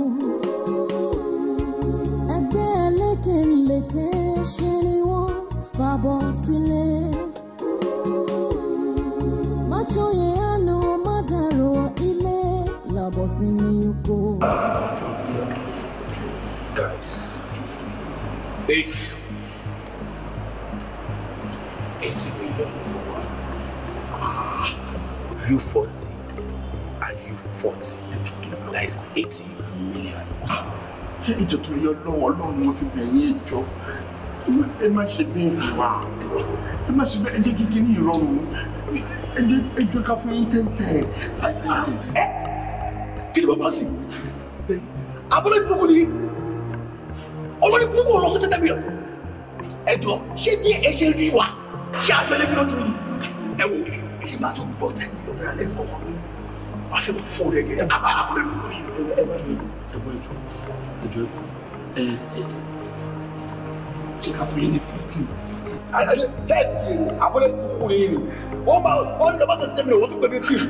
ẹgbẹ́ ẹlẹ́kẹ̀lẹ́kẹ̀ ṣe ni wọ́n fàbọ̀ sílé. má àná má dàrò ilé làbọ̀ sí mi kó. guys this eighty million number ah you forty and you forty that is eighty million. ìjọ tó yọ lọ́wọ́ ọlọ́run mo fi bẹ̀yìn ìjọ ẹ má ṣe bẹ́ẹ̀ fún wa ẹ má ṣe bẹ́ẹ̀ ẹ jẹ́ kíkí ní ìrọ̀rùn ẹ jẹ́ ẹ jẹ́ ká fún yín tẹ́ntẹ́. ẹ kí ni mo bá sí abúlé burúkú ni olórí burúkú lọ sí tẹ́tẹ́ mi lọ ẹ jọ ṣé bí ẹ ṣe rí wa ṣé àjọ lẹ́bi lọ́jọ́ yìí ẹ wò tí bá tún gbọ́ tẹ́mi lọ́mọ alẹ́ nǹkan wọn ni wàá fẹ́ fọ́ rẹ̀ gẹ́gẹ́ abúlé burúkú ni ẹ má ṣe ẹ má ṣe ẹ jọ ẹ jọ ẹ ṣé ká fún yín ní fifteen fifteen. tẹ́sí yìí àbúlé kò fún yín ni wọ́n bá wọ́n ní sábà tẹ̀lé mi wọ́n tún gbẹ̀mí fíìmù.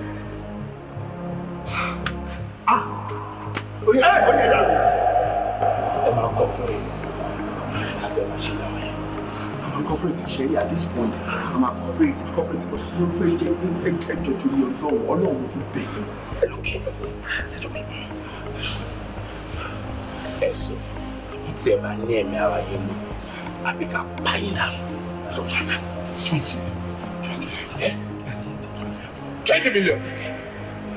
orí ẹ̀ orí ẹ̀ dàrú. ẹ máa corporate àbẹ̀ máa ṣe ìyàwó yẹn. àwọn corporate ṣe rí at this point a corporate corporate because wọ́n fẹ́ jẹ́ ẹjọ́ torí ọlọ́run ọlọ́run fún bẹ́ẹ̀ ẹ lókè ẹjọ́ mi ẹ̀sùn tí ẹ bá ní ẹ̀mí ara yẹn lò. I ká pààyàn dànù lọ́la. twenty eh? twenty million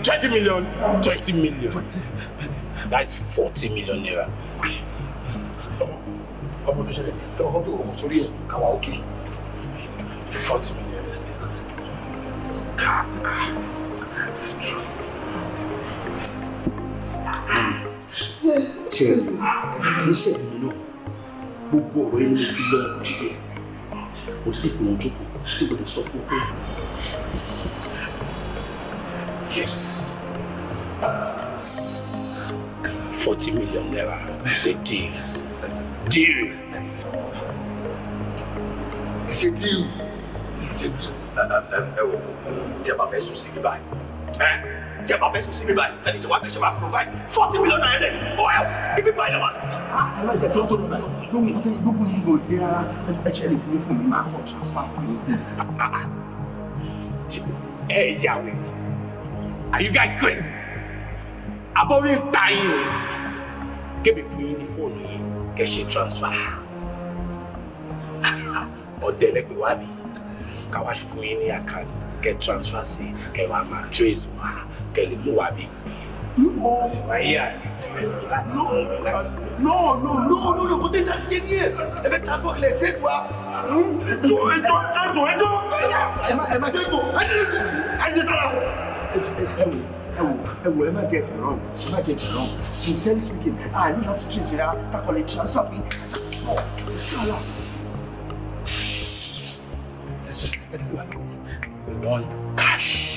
twenty million twenty million that is forty million naira. ọmọ tó ṣẹlẹ̀ lọ́kọ́ fi òkú sórí ẹ̀ káwa ókè. forty million. ṣe kì í ṣe ìlú náà gbogbo ọ̀rọ̀ yẹn ló fi lọ ọkọ̀ dìde mo ti dìbò ojú kan tí mo lè sọ fún pé yes forty million naira is a deal deal is a deal ẹ wo tí a bá fẹ́ sùn sí ní báyìí tí ẹ bá fẹ́ sùn sí mi báyìí ẹni tí wàá bí ṣe máa provide forty million naira lẹ́nu or else ibi báyìí náà wà sí. Ah, ẹ má jẹ jọ́sọ̀ nígbà yóò mú ọtí gbogbo yìí yóò dé rárá ẹ lè fún mi fún mi máa kọ̀ transfer fún mi. ẹ yà wẹ̀rẹ̀ are you guys crazy? abọ́rí ń ta yín ni kébì fún yín ní fóònù yín kẹ́ ṣe transfer ọ̀dẹ̀ lẹ́gbẹ̀ẹ́ wá mi káwá fún yín ní àkáǹtì kẹ́ transfer sí kẹ́ wàá máa trace wá kẹ́ lè mú wá bí. Wáyé àti ìtúrẹ́sì láti ọ̀rọ̀ láti. No no no no no kò tẹ́ ta ṣe ní ẹ̀ ẹ bẹ ta fọ́ ilẹ̀ tẹ́sí wa. Ẹjọ́ ẹjọ́ ẹjọ́ ẹjọ́ ẹ má ẹ má jẹ́ ẹjọ́ ẹjọ́ sára. Ẹ wò ẹ wò ẹ má get it wrong ẹ má get it wrong sincerely speaking a ah, ní láti tún ìsira kakọ̀lẹ̀ transfer fee fọ́ sára. I want cash.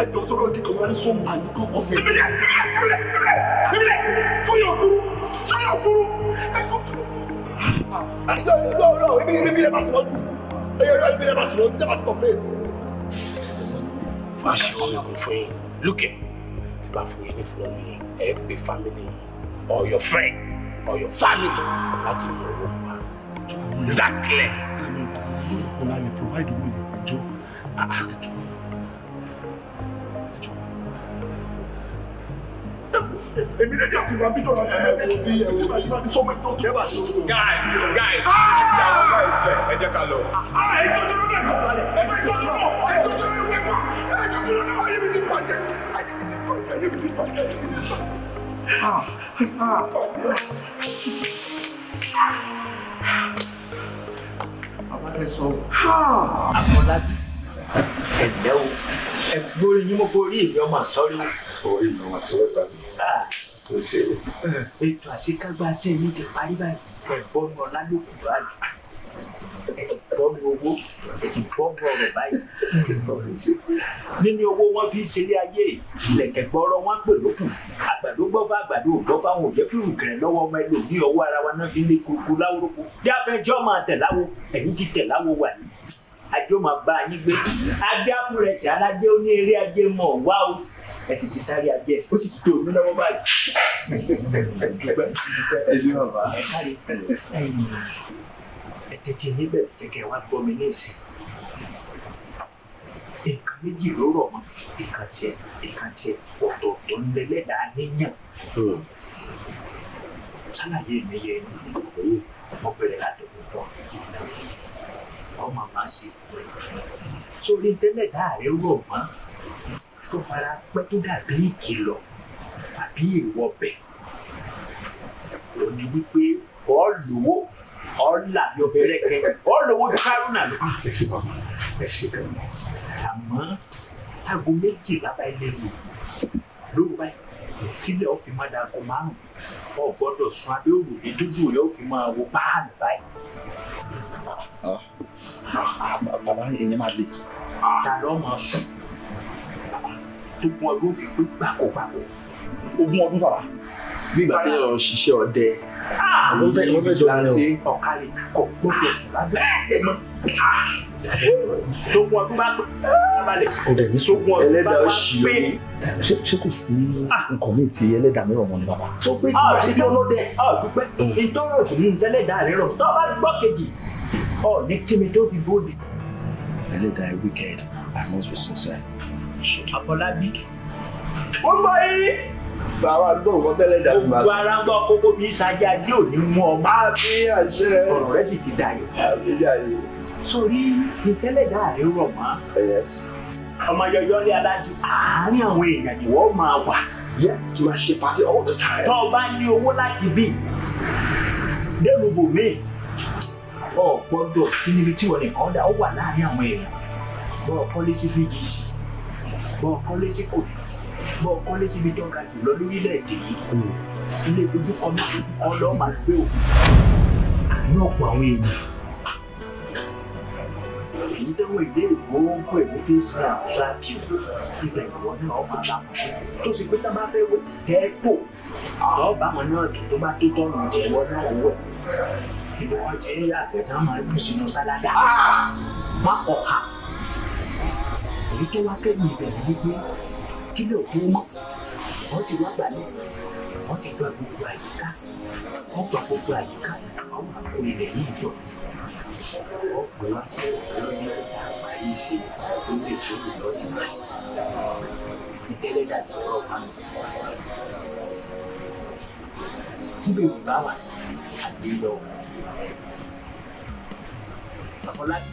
ẹjọ́ tó lọ di kọmọdé sọ máa ní kókó sí. ìbílẹ̀ ìbílẹ̀ ìbílẹ̀ ìbílẹ̀ kóyọ̀ kúrú kóyọ̀ kúrú ẹjọ́ tó ọ̀rọ̀ ibi ibi ẹ̀ máa sọ̀rọ̀ jù ẹ̀yọ́ ibi ẹ̀ máa sọ̀rọ̀ jù dábàá ti complete. má ṣe wọn lẹkùn fún yín lókè tí bá fún yín ní fún yín ẹ pé family or your friend or your family láti mú owó wa. is that clear. ọ̀la lè provide owó yẹn ẹjọ́ ẹjọ́. èmi lè jẹ́ àti ìwà bíjọ́ náà ẹ̀ ẹ̀ bí ẹ̀ tí màá ti máa di sọ́mọ́ ìtọ́ tó bá ti sọ. guys guys ẹ jẹ́ ká lọ. ẹ jọ jọ náà lọ ẹ jọ jọ náà ẹ jọ jọ náà wẹ̀ wá ẹ jọ jọ náà ayé mi ti bàjẹ́ ayé mi ti bàjẹ́ ayé mi ti bàjẹ́ ayé mi ti bàjẹ́. bàbá rẹ sọ. àkọlábí ẹ̀dẹ́ o ẹ̀gbọ́n yín mo borí ìyọ́mọ̀ sọ́rí. orí ìyọ́mọ̀ sọ́rí gbàgbé ètò àṣekágbá ṣe ní ti parí báyìí ẹ bọ́nu ọlá lókùn báyìí ẹ ti bọ́nu owó ẹ ti bọ́nu ọrọ̀ báyìí níní owó wọn fi ń ṣeré ayé ìlẹ̀kẹ̀ gbọ́rọ̀ wọn pè lókùn àgbàdo gbọ́fà àgbàdo gbọ́fà wọn ò jẹ́ kí rùkẹ̀rẹ̀ lọ́wọ́ ọmọ ẹ lò ní ọwọ́ ara wa náà fi lé kúrukú láwòrókù bí a fẹ́ jọ́ máa tẹ̀ láwo ẹ̀yìn ti tẹ̀ láwo wà yìí àjọ máa bá a yín gbé adé afúrẹ̀sì aládé ó eré ajé mọ̀ wá o ẹ sì ti sáré ajẹ́ ó sì ti tó òun lọ́wọ́ báyìí. ẹ ṣe bàbá ẹ káre ẹ tẹ̀jẹ̀ yín bẹ̀rẹ̀ jẹ́kẹ́ wá gbọ́ mi ní ìsìn nǹkan méjì ló rọ̀ mọ́ nǹkan tiẹ̀ nǹkan tiẹ̀ ọ̀tọ̀ọ̀tọ̀ ń lẹ lẹ́dàá yíyan sálàyé mi yẹ mo bẹ̀rẹ̀ láti ọ̀dọ̀ ọmọ màá sí sórí tẹ́lẹ̀ dáa rẹ̀ rọ̀ mọ́ tó fara pẹ́ tó dàbí ìkìlọ̀ àbí èèwọ̀ bẹ̀ ò ní wípé ọ̀ lówó ọ̀ là bí ọbẹ̀ rẹ̀ kẹ́ ọ̀ lówó ju kárùnà lọ. Ah, ẹ ṣe bàbá ẹ ṣe bàbá. àmọ́ tágo méjìlá bá ilé lò lóru báyìí tílẹ̀ ó fi máa dago márùn ọ̀ gbọ́dọ̀ sun abẹ́ òrùlé dúdú rẹ̀ ó fi máa wo páàlù báyìí. Ah, ah, bàbá ìyẹn máa le. ta ló máa sùn tó gún ọdún fi pé gbàkógbàkó ogún ọdún bàbá. bí ìgbà tí yẹn lọ ṣiṣẹ́ ọdẹ wọ́n ah, fẹ́ wọ́n fẹ́ jọ̀ọ́ ti ọ̀kadì kọ̀ gbọ́dọ̀ sùn lábẹ́ tó ah, gún ọdún bá pé ah, balẹ̀ ọdẹ ní sógun ọdún bá pé ṣé kò sí nǹkan ní ti ẹlẹ́dàá mìíràn mọ́ ni bàbá. tó pé kí wọ́n ṣe lọ́dẹ. ọ̀dùpẹ́ ìtọ́rọ̀ mm. ìdùnnú ẹlẹ́dàá rẹ̀ rọ̀ tó bá gbọ́ kejì ọ̀ ní kíni tó fi bóde. ẹlẹ́dàá wicked I must be sincere. Àfọlábí. ó gbọ́ yí. bàbá gbọ́ nǹkan tẹ́lẹ̀ dàbí màá sọ. gbogbo ara ń gbọ́ kókó fi ṣáájú ajé òní mú ọmọ. àbí àṣẹ. ọ̀rọ̀ rẹ sì ti dayọ̀. àbí dayọ̀. sórí ní tẹ́lẹ̀ dá rẹ rọ̀ mọ́. ọmọ yọyọ ní alájú àárín àwọn èèyàn ni wọ́n máa wà. yẹ kí wàá ṣe pàtí all the time. tọ́ ọ bá ní owó láti bí dẹ́rù bòmí ọ̀ gbọ́dọ̀ sí níbi tí wọ́n nìkan dá ó wà láàárín àwọn èèyàn bọ́ọ̀ kọ́lé sí fíjì sí i bọ́ọ̀ kọ́lé sí kò ní bọ́ọ̀ kọ́lé síbi tó ga jù lọ lórílẹ̀ yìí fún ilé dojúkọ ní dojúkọ lọ́ọ́ máa gbé òkú àárín ọ̀pọ̀ àwọn èèyàn kì í dánwò ìbéèrè ẹ̀mí tó ń sọ ṣáàkì ibẹ̀ ìwọ náà ọkọ̀ làwọn tó sì pé tá a bá fẹ́ wé tẹ́ẹ̀pọ̀ ọba àwọn náà kì í tó bá tó tọ́nù jẹ́ ìwọ náà owó ìbọn jẹ́ àgbẹ̀ tán máa lù sínú sáládà má ọ̀hà èyí tó wá kẹ́yìn ìbẹ̀rẹ̀ wípé kílẹ̀ òkú mọ́ wọ́n ti wá gbalẹ̀ wọ́n ti gba gbogbo àyíká wọ́n gba gbogbo àyíká àwọn àpò ilẹ̀ yìí jọ wọ́n pè wá sí ọ̀rẹ́dẹ́ síta àgbáyé sí tó lè tó lè lọ sí màsí ìtẹ́lẹ̀ dàtí ọ̀rọ̀ máa ń sọ tíbẹ̀ ìbáwá àgbélọ̀ àfọlábí.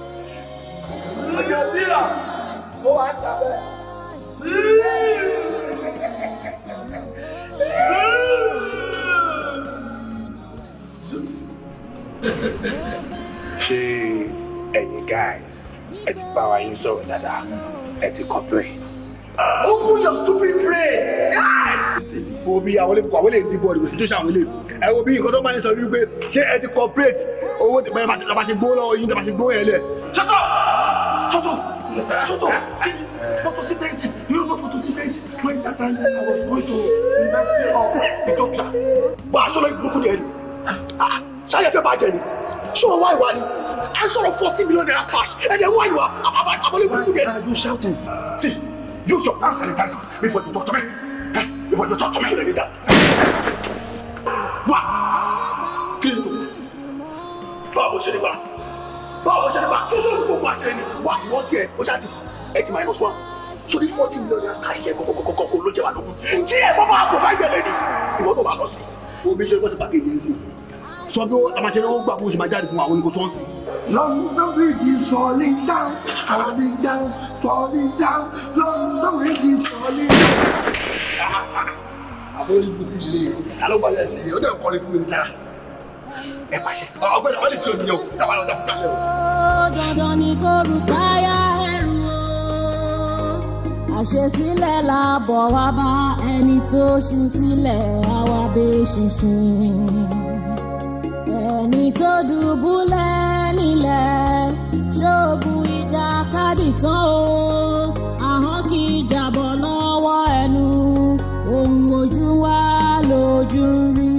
Algezira. Ó wá gbà bẹ́ẹ̀. Ṣé ẹ̀yin guys ẹ ti bá wa yín sọ̀rọ̀ dáadáa ẹ ti cooperate. Open oh, your stupid brain. Yes. Omi àwọn olè àwọn olè ń dìbò ìwòsàn tó ṣe àwọn olè. Ẹ wo bí nǹkan tó máa ń sọ wípé ṣé ẹ ti cooperate owó bàbá ti gbówó lọ́wọ́ yín tó bá ti gbówó yẹn lẹ̀. Shut up. Shut up! Shut up! Photosynthesis! You know photosynthesis? When that time I was going to University of Ethiopia, but aṣọ lóyún burúkú ni ẹni. Ṣáyẹ you bàjẹ́ ni. Ṣé o why you are? I saw forty million naira cash. Ẹ̀dẹ̀ wá ìwà àbọ̀lé burúkú ni ẹni. Why are you shouting? See, use your hand sanitizer before you talk to me. Eh, before you talk to me, you need that. Wá! Kí ni o? Báwo báwo ṣe nípa ṣoṣo ní gbogbo àṣírí ni wà ìwọ tiẹ̀ o ṣáà ti eighty minus one sórí forty million naira káàkiri ẹ̀ kọ̀kọ̀kọ̀kọ̀ kò ló jẹ́ wà lógún tí ẹ̀ bọ́ máa kó fáìjẹ́ lé ní ìwọ náà wà lọ sí omi ṣe wọ́n ti pàkejì ń sìn sọ bí amáṣẹ́lẹ́ ó gbà bó ṣe máa jáde fún àwọn oníkóṣọ́ọ̀sì. London bridge is falling down falling down falling down London bridge is falling down. Ah, ah, ah. àbọ̀ ìlú kìlì ta ló gbà yẹn sí i ó dẹ̀ kọ́ni fún mi sára ẹ pàṣẹ. ọgbẹ́ni àwọn ènìyàn ti lò ní o táwa lọ́dọ̀ fún kalẹ̀ o. dandan ni kò rú káyà ẹrù o àṣesílẹ̀ la bọ̀ wá bá ẹni tó ṣú sílẹ̀ àwa bẹ́ ṣinṣin ẹni tó dùbúlẹ̀ nílẹ̀ ṣóògùn ìjà kádì tán o ahọ́n kì í jàbọ̀ lọ́wọ́ ẹnu ohun ojú wa lójú rí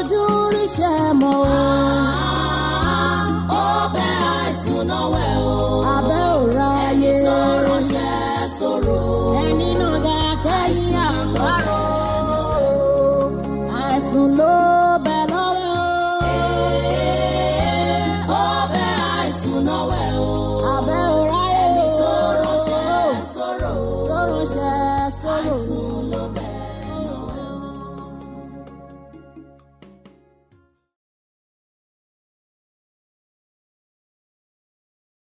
fojú ríṣẹ́ mọ́ o. Ah, ó bẹ́ àìsùn náà wẹ̀ o. ẹni tó ránṣẹ́ sọ̀rọ̀. ẹni